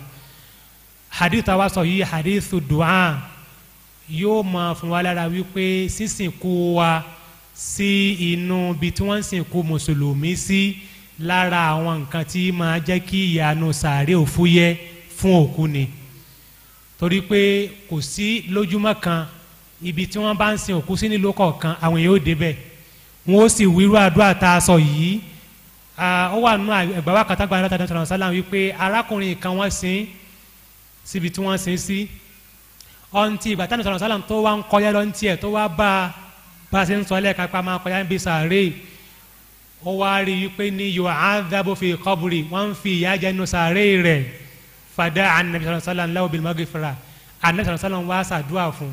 hadith àwa sọ yìí hadith du'a yóò máa fún wa lára wípé sísìnkú wa sí inú ibi tí wọ́n ń sìnkú mùsùlùmí sí lára àwọn nǹkan tí máa jẹ́ kí ìyanu sàárè òfúyẹ́ fún òkú ni torí pé kò sí lójúmọ́ kan ibi tí wọ́n bá ń sin òkú sí nílùú kọ̀ọ̀kan àwọn èèyàn ò débẹ̀ wọn ó sì wíru àdúrà tá a sọ yìí ó wà nù ẹgbà wákàtá gba aláta dantara sálà wípé arákùnrin kan wọ́n sin síbi tí wọ́n sin sí ọ̀ntì ìgbà tá a dantara sálà tó wá ń kọjá lọ́ntì ẹ̀ tó wá bá a bá a ṣe ń sọ lẹ́ẹ̀ka pa máa kọjá níbi sàárè ó wá rí i pé ní yóò á dábò fi kọ́bùrì wọ́n ń fi ìyà jẹ inú sàárè rẹ̀ fada anabi sàlọ́n sàlọ́n láwọ́ bìnnú mọ́gì fúnra anabi sàlọ́n sàlọ́n wá sàdúrà fún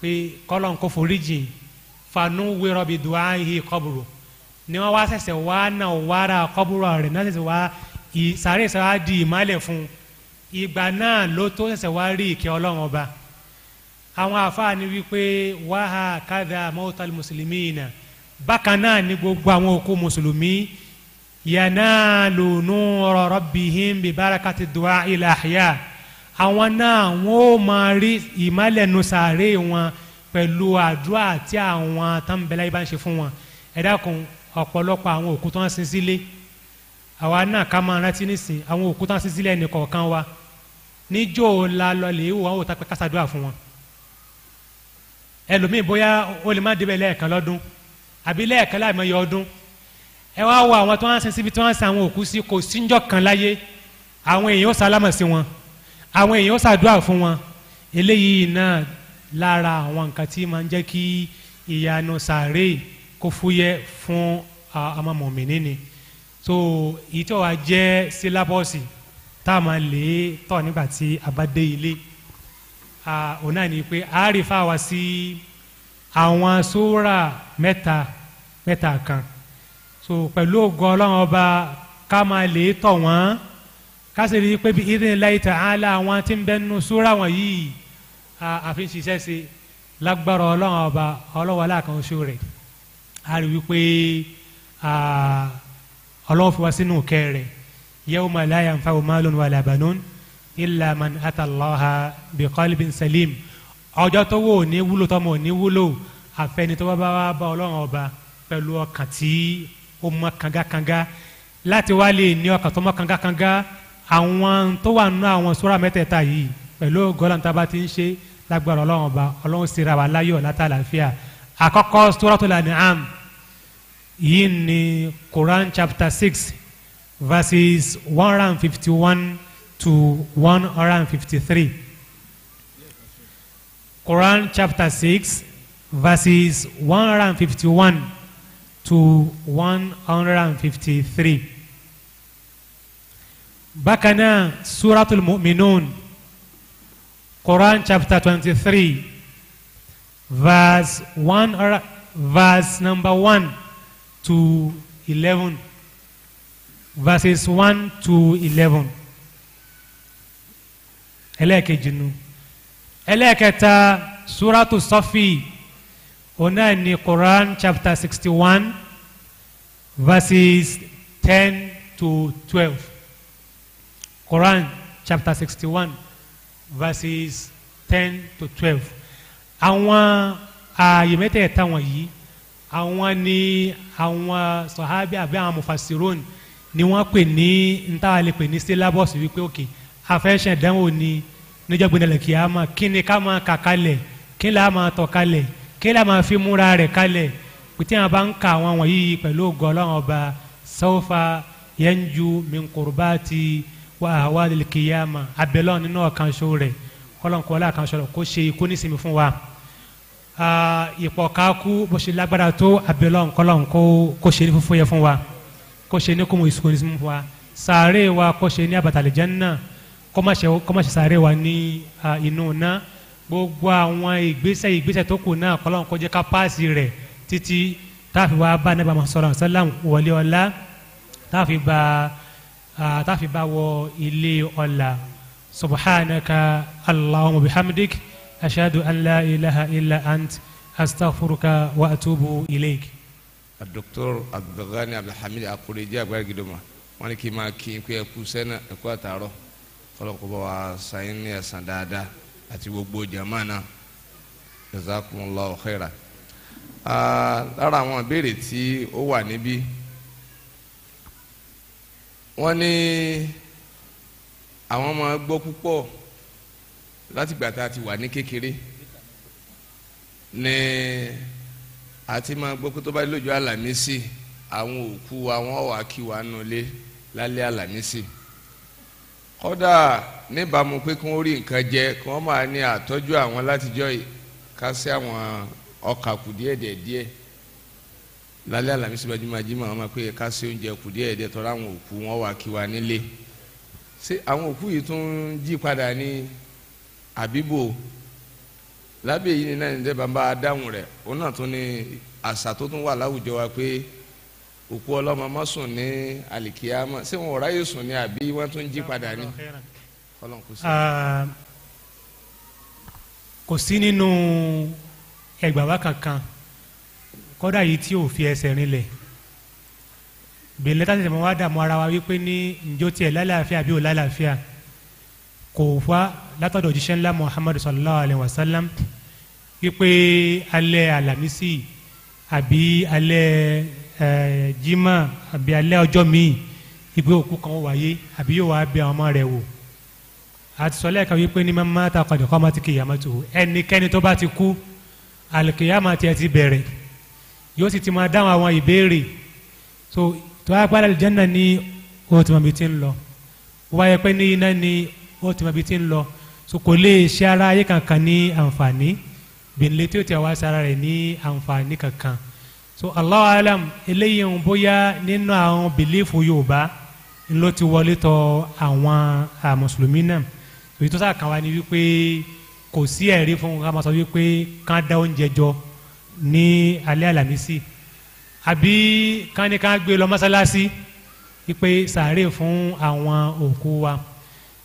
pé kọ́lọ́n kò foríjì fanu wérọ̀ bi dùn áhì kọ́bùrù ni wọ́n wá sẹ̀sẹ̀ wá náà wára kọ́bùrù rẹ̀ náà sẹ̀sẹ̀ wá sàárè sàrá di ìmálẹ̀ fún ìgbà náà ló tó sẹ̀sẹ̀ wá rí ìkẹ́ ọlọ́run ọba àwọn àfáàní wípé wàhà kádà mọ́tàl mùsùlùmí náà bákan náà ni gbogbo àwọn òkú mùsùlùmí yanalu nura rabbihim bi barakati du'a ila ahya àwọn náà wọn ò máa rí ìmálẹ̀nu sàárè wọn pẹ̀lú àdúrà tí àwọn tán bẹ̀lẹ́ bá ń ṣe fún wọn ẹ dákun ọ̀pọ̀lọpọ̀ àwọn òkú tán sin sílé àwa náà ká máa rántí nísìn àwọn òkú tán sin sílé ẹnì kọ̀ọ̀kan wa níjó la lọ lè wò àwọn òtá pé kásádùá fún wọn ẹlòmíì bóyá ó lè má débẹ̀ lẹ́ẹ̀kan lọ́dún àbí lẹ́ẹ̀kan láì mọye ọdún ẹ wá wo àwọn tó ń sin síbi tó ń sin àwọn òkú sí kò síjọ́ kan láyé àwọn èèyàn ó sálámà sí wọn àwọn èèyàn ó sàdúrà fún wọn eléyìí náà lára àwọn nǹkan tí máa ń jẹ́ kí ìyanu sàárè kó fúyẹ́ fún ọmọ mọ̀mìnì ni so ìtọ́wà jẹ́ sílábọ̀sì tá a máa lè tọ̀ nígbà tí a bá dé ilé òun náà ni pé a rí fáwa sí àwọn sóra mẹ́ta mẹ́ta kan so pẹ̀lú ògo ọlọ́run ọba ká máa lè tọ̀ wọ́n ká sì rí i pé bí idhnillahi ta'ala àwọn tí ń bẹ nínú sóra wọn yìí àfi ń ṣiṣẹ́ sí lágbára ọlọ́run ọba ọlọ́wọ́ aláàkàn oṣù rẹ̀ a rí wípé ọlọ́run fi wá sínú kẹrẹ̀ yawma la yanfa'u malun wala banun illa man atallaha bi qalbin salim ọjọ́ tó wò ní wúlò tọ́mọ̀ ní wúlò àfẹni tó bá bá bá ọlọ́run ọba pẹ̀lú ọkàn tí ó mọ kangakanga láti wá lè ní ọkàn tó mọ kangakanga àwọn tó wà nínú àwọn sura mẹ́tẹ̀ẹ̀ta yìí pẹ̀lú gọ́láńtà bá ti ń ṣe lágbára ọlọ́run ọba ọlọ́run sì ra wà láyọ̀ látàlàáfíà àkọ́kọ́ suratul an'am yìí ni Quran chapter six verses one hundred and fifty one to 153. Quran chapter 6, verses 151 to 153. Bákan náà, Suratul Mu'minun, Quran chapter 23, verse 1, verse number 1 to 11, verses 1 to 11 ẹlẹ́ẹ̀kejì nu ẹlẹ́ẹ̀kẹta suratu sọ́fì ona ni Quran chapter sixty one verses ten to twelve Quran chapter sixty one verses ten to twelve àwọn ààyè mẹ́tẹ̀ẹ̀ta wọ̀nyí àwọn ni àwọn sọ̀hábì àbí àwọn mufasirun ni wọ́n pè ní ntàwálẹ̀ pè ní sílábọ̀sì wípé òkè. Okay afẹ́sẹ̀ dánwò ni níjọ́ gbẹ̀dẹ̀lẹ̀ kì á mọ̀ kí ni ká máa kà kalẹ̀ kí la máa tọ̀ kalẹ̀ kí la máa fi múra rẹ̀ ń ka àwọn wọ̀nyí pẹ̀lú ògo Ọlọ́run ọba sawfa yanju min kurbati wa ahwalil qiyama abẹ́lọ́ nínú ọ̀kanṣo rẹ̀ kọ́lọ́nkọ́lá àkànṣo rẹ̀ kó ṣe ikú nísìmí fún wa ìpọ̀káku bó ṣe lágbára tó abẹ́lọ́ nkọ́lọ́nkọ́ kó ṣe ní fúnfún yẹ fún wa kó ṣe ní kó mo ìsukùn ní fún wa sàárè wa kó ṣe ní abatalijanna náà kọ́mọ̀ṣẹ́ sáré wa ní inú ná gbogbo àwọn ìgbésẹ̀ ìgbésẹ̀ tó kù náà kọ́lọ́n kó jẹ́ ká páàsì rẹ̀ títí táàfin wa bá nígbà máa sọ̀rọ̀ sálàm wọlé ọlá táàfin bá táàfin bá wọ ilé ọlá subhanaka allahumma bihamdik ashadu an la ilaha illa ant astaghfiruka wa atubu ilayk. dr abdulghani abdulhamid akurejì agbára gidoma wọn ni kí n máa kí n kú ẹ kú sẹ́nà ẹ àtàárọ̀ kọlọ́kọ́ bá wa sàyìn ní ẹ̀sán dáadáa àti gbogbo jàmá náà jazakumullahu khaira. lára àwọn ìbéèrè tí ó wà níbí wọ́n ní àwọn máa gbọ́ púpọ̀ látìgbà tá a ti wà ní kékeré ní àti máa gbọ́ pé tó bá lójú àlàmísì àwọn òkú wa wọ́n kí wa nulẹ̀ lálẹ́ àlàmísì kódà níbàámu pé kí wọ́n rí nǹkan jẹ kí wọ́n máa ní àtọ́jú àwọn látijọ́ yìí ká sí àwọn ọkà kù díẹ̀ díẹ̀ díẹ̀ lálẹ́ àlàmísí bàjúmọ̀ àjímọ̀ àwọn máa pé ká sí oúnjẹ kù díẹ̀ díẹ̀ tọ́ra àwọn òkú wọn wà kí wa nílé ṣé àwọn òkú yìí tún jí padà ní àbíbò lábẹ́ yìí ní náà ní dẹ́gbàá bá dáhùn rẹ̀ òun náà tún ní àṣà tó tún wà láwùjọ wa pé òkú ọlọ́mọ má sùn ní àlìkíyàmọ́ ṣé wọn ò ráyè sùn ni àbí wọ́n tún jí padà ní. Ah, kò sí nínú ẹgbàá wa kankan kọ́dà yìí tí ò fi ẹsẹ̀ rinlẹ̀ bẹ̀lẹ́ tá tẹ̀sẹ̀ mọ́ wá dààmú ara wa wípé ní njó tiẹ̀ lálàáfíà bí ò lálàáfíà kò wá látọ̀dọ̀ òjíṣẹ́ ńlá muhammadu sallallahu alayhi wa sallam wípé alẹ́ alamisi àbí alẹ́ ẹ jimá àbí alẹ́ ọjọ́ míì ìgbé òkú kan wáyé àbí yóò wá bí àwọn ọmọ rẹ̀ wò àti sọ lẹ́ẹ̀kan wípé ní mẹ́mọ́ ta kọ̀dọ̀ kọ́ ọmọ ti kìyàmọ́ tó ẹnikẹ́ni tó bá ti kú àlùkìyàmọ́ tiẹ̀ ti bẹ̀rẹ̀ yóò sì ti máa dáhùn àwọn ìbéèrè so tó bá gbádà àlùjánnà ní o tìmọ̀ bí ti ń lọ wọ́n pé ní iná ní o tìmọ̀ bí ń lọ so kò lè ṣe ara ayé kankan ní àǹfààní bìnlẹ̀ tí ó ti wá sára rẹ̀ ní àǹfààní kankan so Allahu alam eléyìí ń bóyá nínú àwọn bìlífù Yorùbá ló ti wọlé tọ àwọn mùsùlùmí náà èyí tó sáà kàn wá ni wípé kò sí ẹ̀rí fún ká máa sọ wípé ká dá oúnjẹ jọ ní alẹ́ àlàmísì àbí ká ní ká gbé lọ mọ́sálásí wípé sàárè fún àwọn òkú wa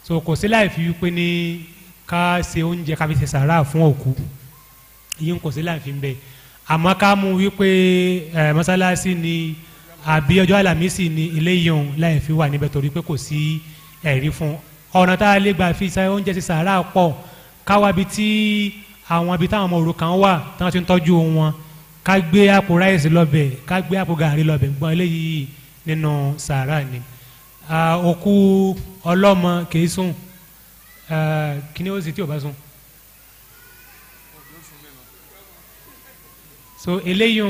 so kò sí láì fi wípé ní ká ṣe oúnjẹ ká fi ṣe sàárà fún òkú yìí kò sí láì fi ń bẹ́ẹ̀ àmọ́ ká mú wípé ẹ mọ́sálásí ni àbí ọjọ́ àlàmísì ni ilé yẹun láì fi wà níbẹ̀ torí pé kò sí ẹ̀rí fún ọ̀nà tá a lè gbà fi ṣe oúnjẹ ti sàárà pọ̀ káwa bi tí àwọn ibi táwọn ọmọ òrukàn wà tí wọ́n ti ń tọ́jú wọn ká gbé àpò ráìsì lọ́bẹ̀ ká gbé àpò gàrí lọ́bẹ̀ gbọ́n eléyìí nínú sàárà ni òkú ọlọ́mọ kìí sùn kí ni ó sì tí ò bá sùn. so eléyìí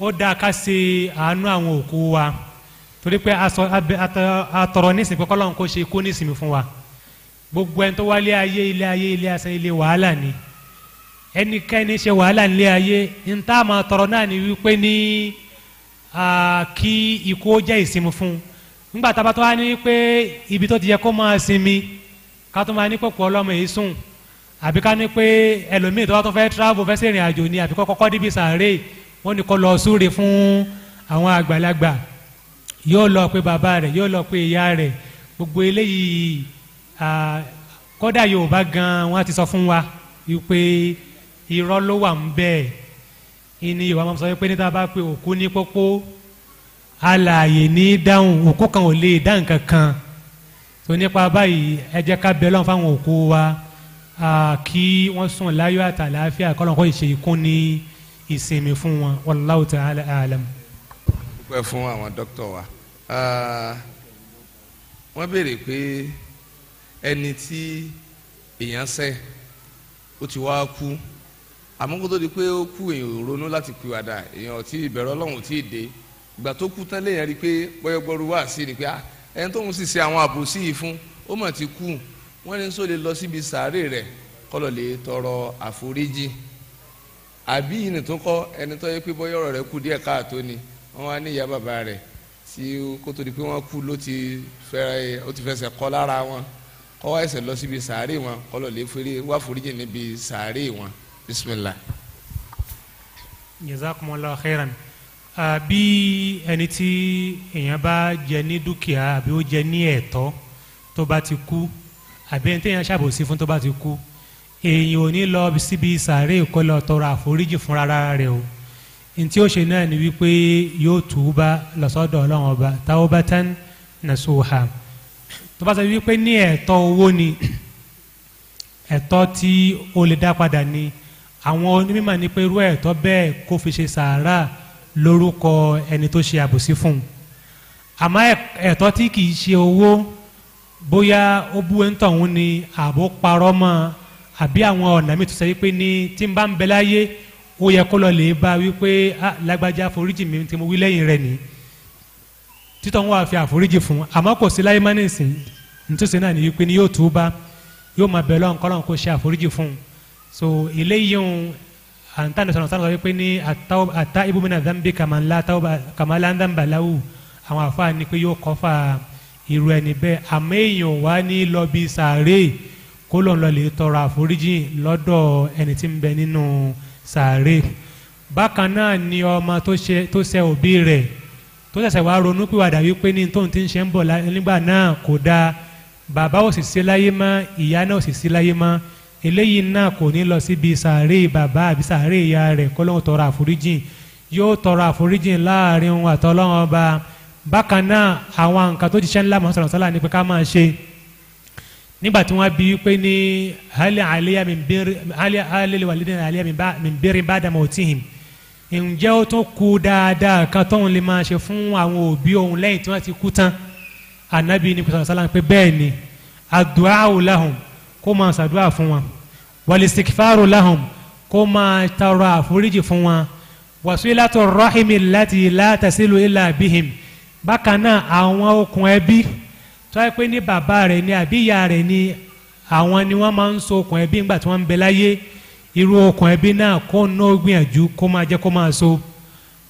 ó dáa ká ṣe àánú àwọn òkú wa torí pé atọrọ nísìnyí pé kọ́lọ́n kó ṣe kó nísìnyí fún wa gbogbo ẹni tó wálé ayé ilé ayé ilé asán ilé wàhálà ni ẹnikẹ́ni ṣe wàhálà nílé ayé níta máa tọrọ náà ni wípé ní kí ikú jẹ́ ìsinmi fún nígbà tá a bá tó wá ní pé ibi tó ti yẹ kó máa sinmi ká tó máa ní pòpò ọlọ́mọ èyí sùn àbí ká ní pé ẹlòmíì tó bá tó fẹ́ travel fẹ́ sẹ́rìn àjò ni àbí kọ́kọ́ débi sàárè wọ́n ní kó lọ súre fún àwọn àgbàlagbà yóò lọ pé bàbá rẹ̀ yóò lọ pé ìyá rẹ̀ gbogbo eléyìí kódà Yorùbá gan wọ́n ti sọ fún wa wípé irọ́ ló wà ń bẹ́ẹ̀ ìní Yorùbá máa sọ pé níta bá pé òkú ní pópó alààyè ní dáhùn òkú kan ò lè dá nǹkan kan tó nípa báyìí ẹ jẹ́ ká bẹ lọ́n fáwọn òkú wa kí wọ́n sùn láyọ̀ àtàlàáfíà kọ́lọ́nkọ́ ìṣe ìkún ní ìsinmi fún wọn wallahu ta'ala alam. dúpẹ́ fún àwọn dókítà wa wọ́n béèrè pé ẹni tí èèyàn ṣẹ̀ ó ti wá kú àmọ́ kó tó di pé ó kú èèyàn ronú láti pìwàdà èèyàn tí ìbẹ̀rù Ọlọ́run tí ì dé ìgbà tó kú tán léèyàn rí i pé bọ́yọ̀gbọ́rú wá sí i ni pé ẹni tóun sì ṣe àwọn àbòsí yìí fún ó mà ti kú wọ́n ní sọ lè lọ síbi sàárè rẹ̀ kọ́lọ̀ lè tọrọ àforíjì àbí ìnì tó kọ́ ẹni tó yẹ pé bọ́yọ̀ ọ̀rọ̀ rẹ̀ kù díẹ̀ káàtó ni wọ́n wá ní ìyá bàbá rẹ̀ tí kó tó di pé wọ́n kú ló ti fẹ́rẹ̀ ó ti fẹsẹ̀ kọ́ lára wọn kọ́ wá ẹsẹ̀ lọ síbi sàárè wọn kọ́lọ̀ lè fèrè wá foríjì níbi sàárè wọn bisimilá. jazakumullahu khairan àbí ẹni tí èèyàn bá jẹ ní dúkìá àbí ó jẹ ní ẹ̀tọ́ tó bá ti kú àbí ẹni téèyàn ṣàbòsí fún tó bá ti kú èèyàn ò ní lọ síbi sàárè kó lọ tọrọ àforíjì fún rẹ o ní tí ó ṣe náà ni wípé yóò túbá lọ́sọ́dọ̀ ọlọ́run ọba taubatan nasuha tó bá sọ wípé ní ẹ̀tọ́ owó ni ẹ̀tọ́ tí ó lè dá padà ni àwọn onímọ̀ ni pé irú ẹ̀tọ́ bẹ́ẹ̀ kó fi ṣe sàárà lórúkọ ẹni tó ṣe àbòsí fún un àmọ́ ẹ̀tọ́ tí kì í ṣe owó bóyá ó bú ẹ̀ńtọ̀ òun ni àbó parọ́ mọ́ àbí àwọn ọ̀nà mi tó sọ wípé ní tí n bá ń bẹ láyé ó yẹ kó lọ lè bá wípé ah, lágbájá àforíjì mi tí mo wí lẹ́yìn rẹ̀ ni títọ́ wọn wà fi àforíjì fún àmọ́ kò sí láyé mánì sìn nítòsí náà ni wípé ni yóò túbá yóò máa bẹ̀ lọ́n kọ́lọ́n kó ṣe àforíjì fún un so eléyìí ń àǹtàn sọ̀rọ̀ sọ̀rọ̀ wípé ní àtà ibùmínà zambi kàmá ńlá kàmá ńlá ń dàmbà láwù àwọn àfáà ni pé yóò kọ́ fà á irú ẹni bẹ́ẹ̀ àmọ́ èèyàn wá ní lọ́bi sàárè kó lọ́n lọ lè tọrọ àforíjì lọ́dọ̀ ẹni tí ń bẹ nínú sàárè bákan náà ni ọmọ tó ṣe òbí rẹ̀ tó ṣẹ̀ṣẹ̀ wá ronú pìwàdà wípé ní tóun ti ń ṣe ń bọ̀ nígbà náà kò dáa bàbá ò sì sí láyé mọ́ ìyá náà ò sì sí láyé mọ́ eléyìí náà kò ní lọ síbi sàárè bàbá àbí sàárè ìyá rẹ̀ kó lóun tọrọ àforíjì yóò tọrọ àforíjì láàrin òun àtọlọ́wọ́n ọba bákan náà àwọn nǹkan tó jíṣẹ́ ńlá mọ̀sálà sálà ní pé ká máa ṣe nígbà tí wọ́n bí wípé ní hali aliya min biri hali hali walidina aliya min biri bá dàmọ́ òtí hìm ǹjẹ́ ó tún kù dáadáa kan tóun lè máa ṣe fún àwọn òbí òun lẹ́yìn tí wọ́n ti kú tán anabi ní sọ̀rọ̀ sálà pé bẹ́ẹ̀ ni adu'awu lahum kó máa ṣàdúrà fún wọn walistikifaru lahum kó máa tọrọ àforíjì fún wọn wasilatu rahimi láti látàsílù ilà bihim bákan náà àwọn okùn ẹbí tó yẹ pé ní bàbá rẹ̀ ni àbí ìyá rẹ̀ ni àwọn ni wọ́n máa ń so okùn ẹbí ńgbà tí wọ́n ń bẹ láyé irú okùn ẹbí náà kó náà gbìyànjú kó máa jẹ́ kó máa so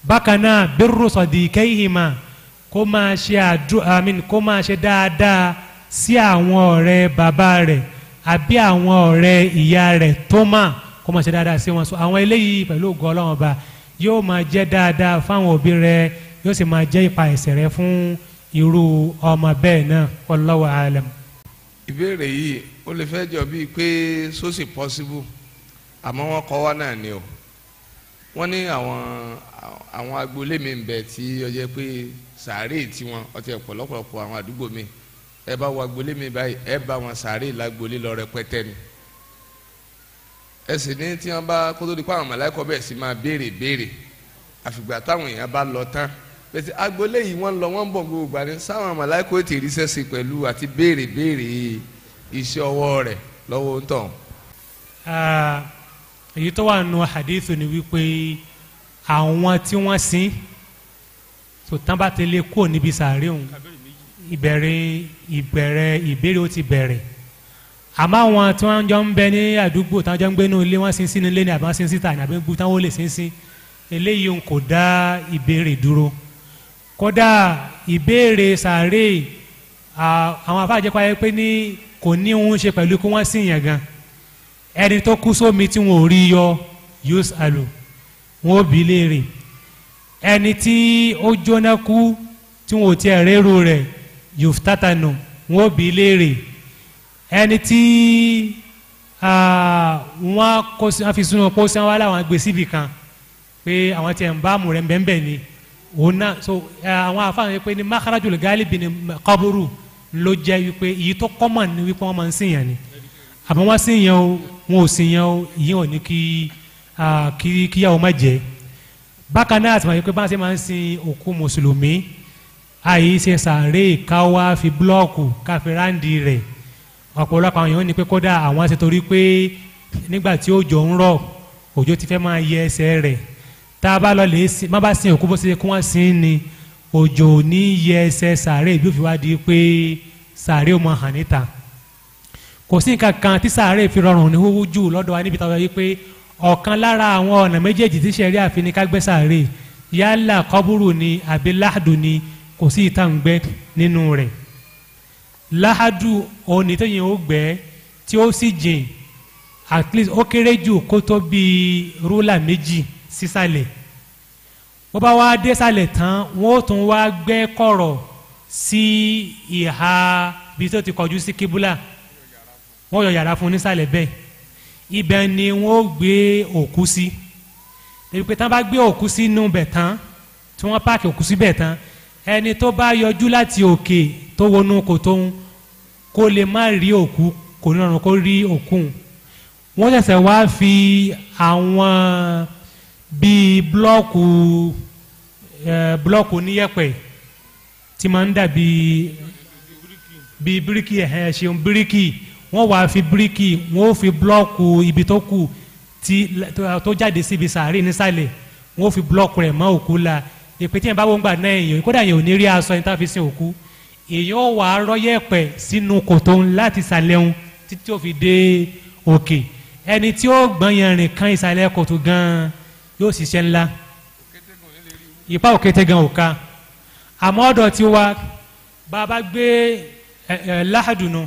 bákan náà birru sadiqaihima kó máa ṣe àdú àmín kó máa ṣe dáadáa sí àwọn ọ̀rẹ́ bàbá rẹ̀ àbí àwọn ọ̀rẹ́ ìyá rẹ̀ tó máa kó máa ṣe dáadáa sí wọn so àwọn eléyìí pẹ̀lú ògo Ọlọ́run ọba yóò máa jẹ́ dáadáa fáwọn òbí rẹ̀ yóò sì máa jẹ́ ìpa ẹ̀ṣẹ̀ rẹ fún irú ọmọ bẹ́ẹ̀ náà wallahu alam. ìbéèrè yìí ó lè fẹ́ jọ bíi pé sósì possible àmọ́ wọ́n kọ́ wá náà ni o wọ́n ní àwọn àwọn agboolé mi ń bẹ tí ó jẹ́ pé sàárè tiwọn ọtí ọ̀pọ̀lọpọ̀ àwọn àdúgbò mi ẹ bá wọ agboolé mi báyìí ẹ bá wọn sàárè lágboolé lọ rẹpẹtẹ ni ẹ sì ní tí wọ́n bá kótó di pé àwọn mọ̀lẹ́kọ̀ọ́ bẹ̀ sì máa béèrè béèrè àfìgbà táwọn èèyàn bá lọ tán pèsè agboolé yìí wọ́n lọ wọ́n bọ̀ gbogbo gbà ní sáwọn màláìkò tí rí sẹ́sìn pẹ̀lú àti béèrè béèrè iṣẹ́ ọwọ́ rẹ̀ lọ́wọ́ ń tàn. èyí tó wà nù hadith ni wípé àwọn tí wọ́n sin tó tán bá tẹ̀lé kúrò níbi sàárè òun ìbẹ̀rẹ̀ ìbẹ̀rẹ̀ ìbéèrè ó ti bẹ̀rẹ̀ àmọ́ àwọn tí wọ́n jọ ń bẹ ní àdúgbò táwọn jọ ń gbé nínú ilé wọ́n sin sínú ilé ni àbá sin síta ni àbí táwọn ó lè sin sí eléyìí òun kò dá ìbéèrè dúró kódà ìbéèrè sàárè àwọn afáàjẹpá yẹ pé ní kò ní òun ṣe pẹ̀lú kí wọ́n sìn yàn gan ẹni tó kú sómi tí wọn ò rí yọ yóò sàlò wọn ò bí léèrè ẹni tí ó jóná kú tí wọn ò tiẹ̀ rérò rẹ̀ yóò tátànù wọn ò bí léèrè ẹni tí wọn fi sunu kó wọn wá láwọn gbèsè ibì kan pé àwọn tiẹ̀ ń bá àmù ń bẹ́ẹ̀ bẹ́ẹ̀ ni ona so àwọn afáàní wípé ní makarajul galibi ni kaburu ló jẹ́ wípé èyí tó kọ́mọ̀ ni wípé wọ́n máa ń sìn yẹn ni àmọ́ wọ́n sìn yẹn o wọn ò sìn yẹn o ìyẹn ò ní kí kí kíyàwó má jẹ́ bákan náà àti màá wípé báńsẹ̀ máa ń sin òkú mùsùlùmí àyè ṣe sàárè ká fi búlọ́ọ̀kù ká fi ráǹdì rẹ̀ ọ̀pọ̀lọpọ̀ àwọn èèyàn ní pé kódà àwọn ṣe torí pé nígbà tí òjò ń rọ̀ òjò ti fẹ́ máa yẹ ẹsẹ̀ rẹ̀ tá a bá lọ lè sin má bá sin òkú bó ṣe kí wọ́n sin ni òjò ní yẹ ẹsẹ̀ sàárè bí ó fi wá di pé sàárè ó mọ hàn níta kò sí nǹkan kan tí sàárè fi rọrùn ní wúwú jù lọ́dọ̀ wa níbi táwọn yí pé ọ̀kan lára àwọn ọ̀nà méjèèjì tí sẹ́rí àfi kágbẹ́ sàárè yálà kọ́búrú ni àbí láàdù ni kò sí ìta nínú rẹ̀ láàdù òní tóyìn ó gbẹ́ tí ó sì jìn at least ó kéré jù kó tó bíi rúlà méjì sísàlẹ̀ bó bá wá désàlẹ̀ tán wọ́n ó tún wá gbẹ́ kọ̀rọ̀ sí ìhà bí tó ti kọjú sí kíbúlà wọ́n yọ yàrá fún nísàlẹ̀ bẹ́ẹ̀ ibẹ̀ ni wọ́n ó gbé òkú sí èyí pé tán bá gbé òkú sínú bẹ̀ tán tí wọ́n páàkì òkú síbẹ̀ tán ẹni tó bá yọjú láti òkè tó wọnú kòtò ń kó lè má rí òkú kò ní ọ̀run kó rí òkú wọ́n ṣẹ̀ṣẹ̀ wá fi àwọn bíi blọ́ọ̀kù búlọ́ọ̀kù oníyẹ̀pẹ̀ tí máa ń dà bíi bíi bíríkì ẹ̀hẹ́n ṣeun bíríkì wọ́n wàá fi bíríkì wọ́n ó fi búlọ́ọ̀kù ibi tó kù tí tó jáde síbi sàárè nísàlẹ̀ wọ́n ó fi búlọ́ọ̀kù rẹ̀ mọ́ òkú la èpè tí yẹn bá wọ́n gbà náà èèyàn kódà yẹn ò ní rí aṣọ yẹn tá a fi sin òkú èèyàn wàá rọ́yẹ̀pẹ̀ sínú kòtò láti sàlẹ̀ títí ó fi dé òkè ẹni tí ó gbọ́n yẹn rìn kan ìsàlẹ̀ kòtò gan yóò ṣiṣẹ́ ńlá ìpá òkété gan òka àmọ́ ọ̀dọ̀ tí wa bàbá gbé ẹ ẹ láhàdùnú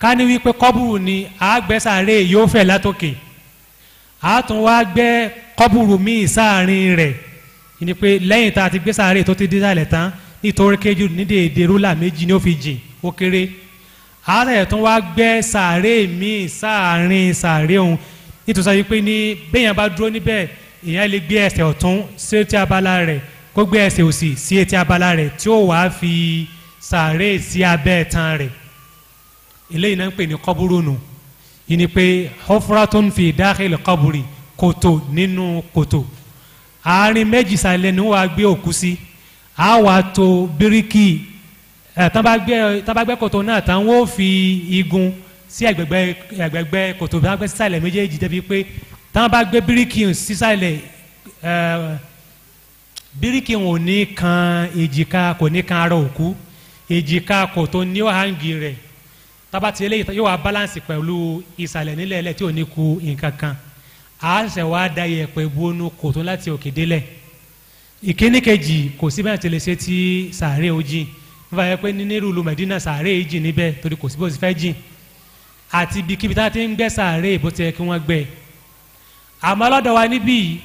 ká ní wípé kọ́bùrù ni àgbẹ̀sàrè yóò fẹ̀ látòkè àtún wá gbẹ́ kọ́bùrù míì sáàrin rẹ̀ ni pé lẹ́yìn tá a ti gbé sàárè tó ti dísàlẹ̀ tán nítorí kéjú ní rúlà méjì ni ó fi jìn ó kéré àtẹ̀yẹ̀ tó wá gbẹ́ sàárè míì sáàrin sàárè òun nítorí pé ní béèyàn bá dúró níbẹ̀ ìyẹn lè gbé ẹsẹ̀ ọ̀tún sí etí abala rẹ̀ kó gbé ẹsẹ̀ òsì sí etí abala rẹ̀ tí ó wàá fi sàárè sí abẹ́ ẹ̀tàn rẹ̀ eléyìí náà ń pè ní kọ́búrúnù yìí ni pé hufratun fi dáhìlì kọ́búrì kòtò nínú kòtò àárín méjì sàlẹ̀ ni wọ́n á gbé òkú sí á wà bíríkì tán kòtò náà tán wọ́n fi igun sí ẹ̀gbẹ̀gbẹ́ kòtò bí wọ́n méjèèjì débi pé táwọn bá gbé bíríkì sísàlẹ̀ bíríkì wọn ò ní kan èjìká kò ní kan ara òkú èjìká kò tó ní ọ̀háǹgì rẹ̀ tába ti eléyìí yóò wá balance pẹ̀lú ìsàlẹ̀ nílẹ̀ ẹlẹ́ tí ò ní ku nǹkan kan a ṣẹ̀ wá da yẹ̀pẹ̀ bónú kò tó láti òkè délẹ̀ ìkíní kejì kò sí bẹ́ẹ̀ tẹ̀lé ṣe ti sàárè ojì nípa yẹ pé nínú ìlú Mẹ̀dínà sàárè jì níbẹ̀ torí kò sí bó fẹ́ jì àti ibi kíbi tá a ti ń gbẹ́ sàárè bó ti yẹ kí wọ́n gbẹ́ ẹ̀ àmọ́ lọ́dọ̀ wa níbí yìí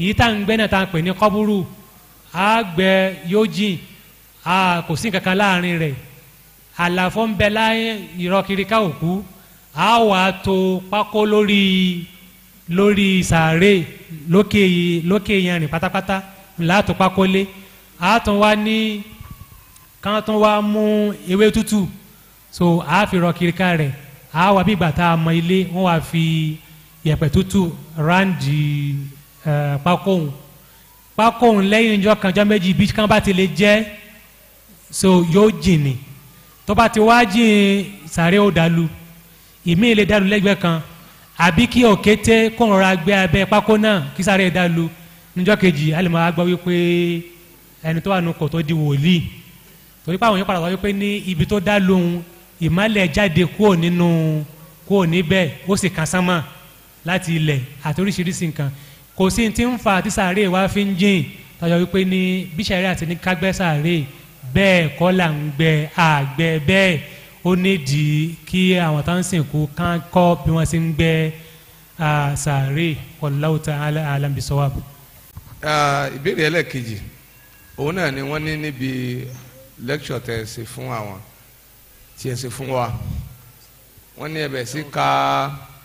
yìí tá ń gbẹ́ náà tá ń pè ní kọ́búrú á gbẹ yóò jìn á kò sí kankan láàrin rẹ̀ àlàfo ń bẹ láyé ìrọkirika òkú á wà á to pákó lórí lórí sàárè lókè lókè yẹn pátápátá láàtò pákó lé á tún wá ní kán tún wá mú ewé tútù so a fi rọkirika rẹ̀ á wà bí ìgbà tá a mọ ilé wọ́n wá fi yẹ̀pẹ̀ tútù ráǹdì pákóhùn pákóhùn lẹ́yìn ọjọ́ kanjọ́ méjì bí kan bá ti lè jẹ́ so yóò jìn ni tó bá ti wá jìn sàré ó dàlú ìmí lè dàlú lẹ́gbẹ̀ẹ́ kan àbí kí òkété kó rọra gbé abẹ pákó náà kí sáré dá lu níjọ́ kejì alẹ́mọ̀ á gbọ́ wípé ẹni tó wà nù kò tó di wòlíì torí pé yẹn padà wá wípé ní ibi tó dá lóhun jáde kúò nínú kúò níbẹ̀ ó sì kan sánmọ́ láti ilẹ̀ àti oríṣiríṣi nǹkan kò sí ti ń fa àti sàárè wa fi ń jìn tọ́jọ́ wípé ní bíṣẹ̀rí àti ní kágbẹ́ sàárè bẹ́ẹ̀ kọ́ là ń gbẹ àgbẹ̀ bẹ́ẹ̀ ó nídìí kí àwọn tó ń sìnkú kán kọ́ bí wọ́n ti ń gbẹ sàárè wallahu ta'ala alam ìbéèrè ẹlẹ́ẹ̀kejì òun náà ni wọ́n ní níbi lẹ́kṣọ̀ tẹ̀ ṣe fún àwọn tí ṣe fún wa wọ́n ní ẹ̀bẹ̀ sí ka. Uh,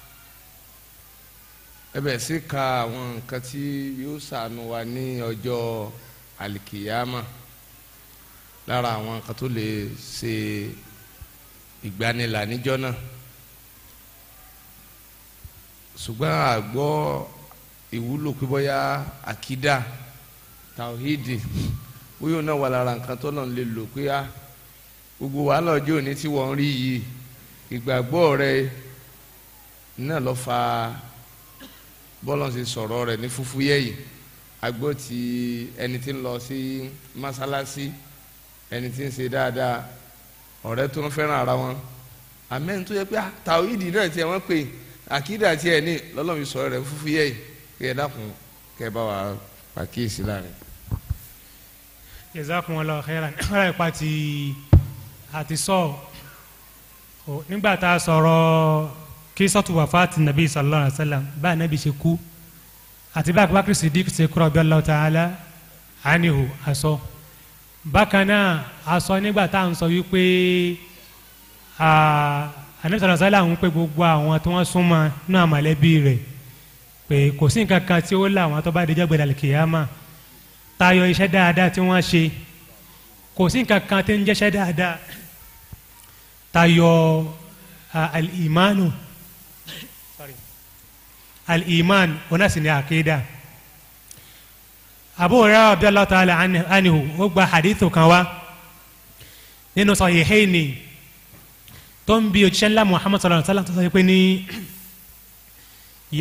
ẹ bẹ̀rẹ̀ sí ka àwọn nǹkan tí yóò ṣàánú wa ní ọjọ́ alikiyama lára àwọn nǹkan tó lè ṣe ìgbanilà níjọ́ náà ṣùgbọ́n àgbọ́ ìwúlò pé bóyá àkídà tàwíìdì wíwò náà wà lára nǹkan tó náà lè lò pé á gbogbo wàhálà ọjọ́ òní tí wọ́n rí yìí ìgbàgbọ́ rẹ náà ló fà bọ́lá ṣe sọ̀rọ̀ rẹ̀ ní fúfú yẹ́yì agbó ti ẹni tí ń lọ sí mọ́sálásí ẹni tí ń ṣe dáadáa ọ̀rẹ́ tó ń fẹ́ràn ara wọn amẹ́ni tó yẹ pé ah, tàwídì náà tiẹ̀ wọ́n pè àkídà tiẹ̀ ní lọ́lọ́run sọ̀rọ̀ rẹ̀ fúfú yẹ́yì kí ẹ dákun kẹ́ ẹ bá wa pàkíyèsí láàrin. jazakumullahu khairan ọ̀rọ̀ ìpa ti àtisọ́ nígbà tá a sọ̀rọ̀ kisatu wafati nabi sallallahu alaihi wa sallam báyìí nabi ṣe kú àti báyìí Abubakar Siddiq ṣe kú radiyallahu ta'ala anhu aṣọ bákan náà aṣọ nígbà tá à ń sọ wípé anabi sallallahu alaihi wa sallam ń pè gbogbo àwọn tí wọ́n súnmọ́ nínú àmọ̀lẹ́bí rẹ̀ pé kò sí nǹkan kan tí ó là wọn tó bá dijọ́ gbẹ̀dẹ̀ kìyàmà tayọ iṣẹ́ dáadáa tí wọ́n ṣe kò sí nǹkan kan tí ń jẹ́ṣẹ́ dáadáa tayọ al sorry al-iman ona sì ni àkéédà abu hurairah abdullahi ta'ala anihu ó gba hadithu kan wá nínú sahihaini tó ń bi òjíṣẹ́ ńlá muhammad sallallahu alaihi wasallam tó sọ pé ní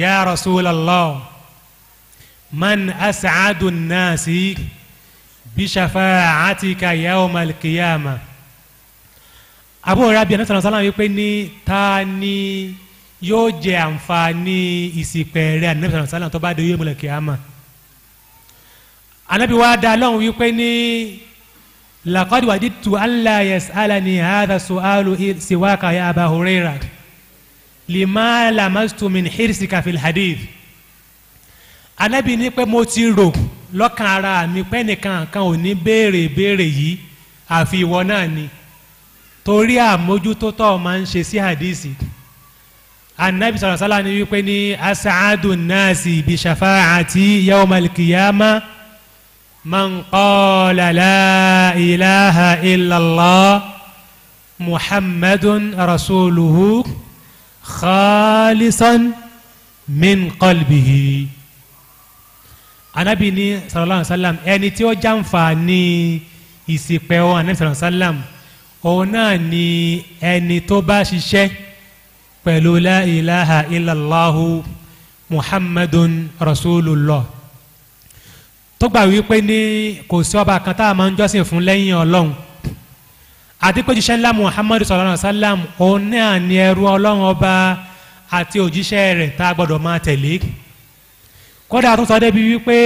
ya rasulallah man as'adu nnaasi bi shafa'atika yawma al-qiyamah abu hurairah abdullahi sallallahu wasallam wípé ní ta yóò jẹ àǹfààní ìsìpẹ̀rẹ̀ anabi sàlọ̀ sàlọ̀ tó bá dé yémùlẹ̀ kìámà anabi wa dá lọ́hùn wípé ní laqad wajidtu an la yas'alani hadha su'alu siwaka ya Aba Huraira lima lamastu min hirsika fil hadith anabi ní pé mo ti rò lọ́kàn ara mi pé nìkan kan ò ní béèrè béèrè yìí àfi ìwọ náà ni torí àmójútó máa ń ṣe sí hadisi. Si anabi sọlá sọlá ni wípé ní asaadu naasi bi shafaati yawmal kiyama man qala la ilaha illallah muhammadun rasuluhu khalisan min qalbihi anabi ni sọlá sọlá ẹni tí ó jàǹfààní ìsìpẹ̀wọ̀n anabi sọlá sọlá òun náà ni ẹni tó bá ṣiṣẹ́ pẹ̀lú la ilaha illallahu muhammadun rasulullah tó gbà wípé ní kò sí ọba kan tá a máa ń jọ́sìn fún lẹ́yìn ọlọ́run àti pé jíṣẹ́ ńlá muhammadu sallallahu alayhi wa sallam òun náà ni ẹrú ọlọ́run ọba àti òjíṣẹ́ rẹ̀ tá a gbọ́dọ̀ máa tẹ̀lé kódà tó sọ débi wípé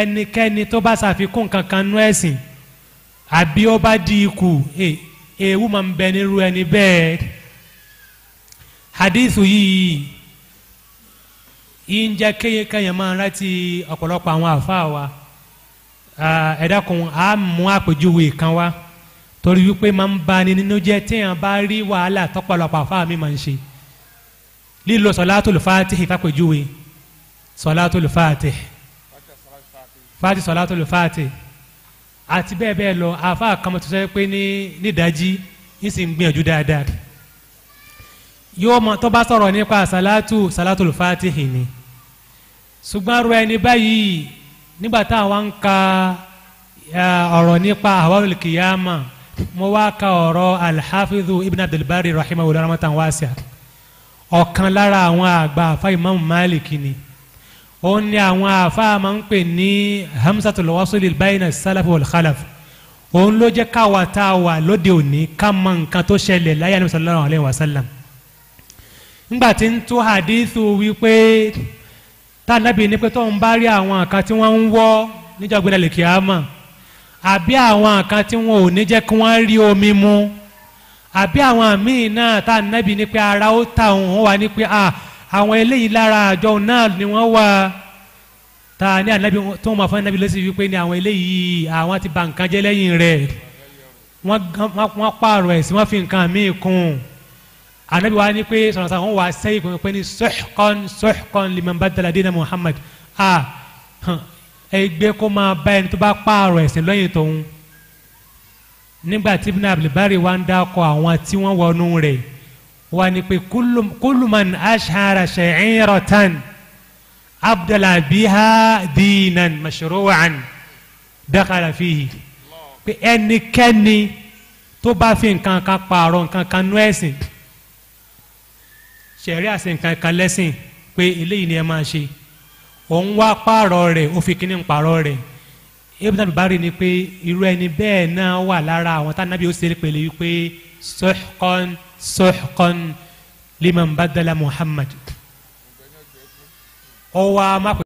ẹnikẹ́ni tó bá ṣàfikún kankan nú ẹ̀sìn àbí ó bá di ikú èèwù máa ń bẹ nírú ẹni bẹ́ẹ̀ hadithu yìí yìí ń jẹ́ kéyékéyàn máa rántí ọ̀pọ̀lọpọ̀ àwọn àfáà wa ẹ dákun á mú àpèjúwe kan wá torí wípé máa ń bani nínú jẹ́ téèyàn bá rí wàhálà tọ́pọ̀lọpọ̀ àfáà mi máa ń ṣe lílo sọlátùlù fàtìhì fàpèjúwe sọlátùlù fàtìhì fàtì sọlátùlù fàtìhì àti bẹ́ẹ̀ bẹ́ẹ̀ lọ àfáà kan mo ti sọ pé ní nídàájí ń sì ń gbìyànjú dáadáa yóò mọ tó bá sọ̀rọ̀ nípa sàlátù sàlátù fatihi ni ṣùgbọ́n ru ẹni báyìí nígbà táwa ń ka ọ̀rọ̀ nípa àwárò kìyàmà mo wá ka ọ̀rọ̀ alhafidhu ibn abdulbari rahimahullah rahmatan wasi'a ọ̀kan lára àwọn àgbà àfa imam malik ni òun ni àwọn àfa máa ń pè ní hamsatul wasuli bayna salafi wal khalaf òun ló jẹ́ káwa tá a wà lóde òní ká mọ nǹkan tó ṣẹlẹ̀ láyé ànábì sallallahu alayhi wa sallam ńgbà tí ń tú hadithu wípé tànàbí ni pé tó ń bá rí àwọn kan tí wọ́n ń wọ́ níjọ́gbìnrin lè kíámà àbí àwọn kan tí wọn ò ní jẹ́ kí wọ́n rí omi mu àbí àwọn míì náà tànàbí ni pé ara ó ta òun wà ní pé ah, àwọn eléyìí lára àjọ náà ni wọ́n wà ta ní ànábì tó ń mọ fún ànábì lọ́sí wípé ni àwọn eléyìí àwọn ti bà nǹkan jẹ́ lẹ́yìn rẹ̀ wọ́n pààrọ̀ ẹ̀ sí wọ́n fi nǹkan míì kún un anabi wa ni pé sọ̀rọ̀sọ̀rọ̀ wọn wà sẹ́yìn kò pé ní sọ́ọ̀kan sọ́ọ̀kan liman badala dina muhammad a ẹgbẹ́ kó máa bá ẹni tó bá pààrọ̀ ẹ̀sìn lọ́yìn tóun nígbà tí ibn abdulbari wa ń dákọ̀ àwọn tí wọ́n wọnú rẹ̀ wa ni pé kuluman ashara sha'iratan abdala biha dinan mashru'an fihi pé ẹnikẹ́ni tó bá fi nǹkan kan pààrọ̀ nǹkan kan ṣẹ̀rí àṣẹ nǹkan kan lẹ́sìn pé eléyìí ni ẹ máa ṣe òun wá pààrọ̀ rẹ̀ ó fi kíní pààrọ̀ rẹ̀ Ibn al-Bari ni pé irú ẹni bẹ́ẹ̀ náà wà lára àwọn tánábì ó ṣe é pèlè wípé sọ́ọ̀kan sọ́ọ̀kan liman badala Muhammad ọwọ́ a máa pè.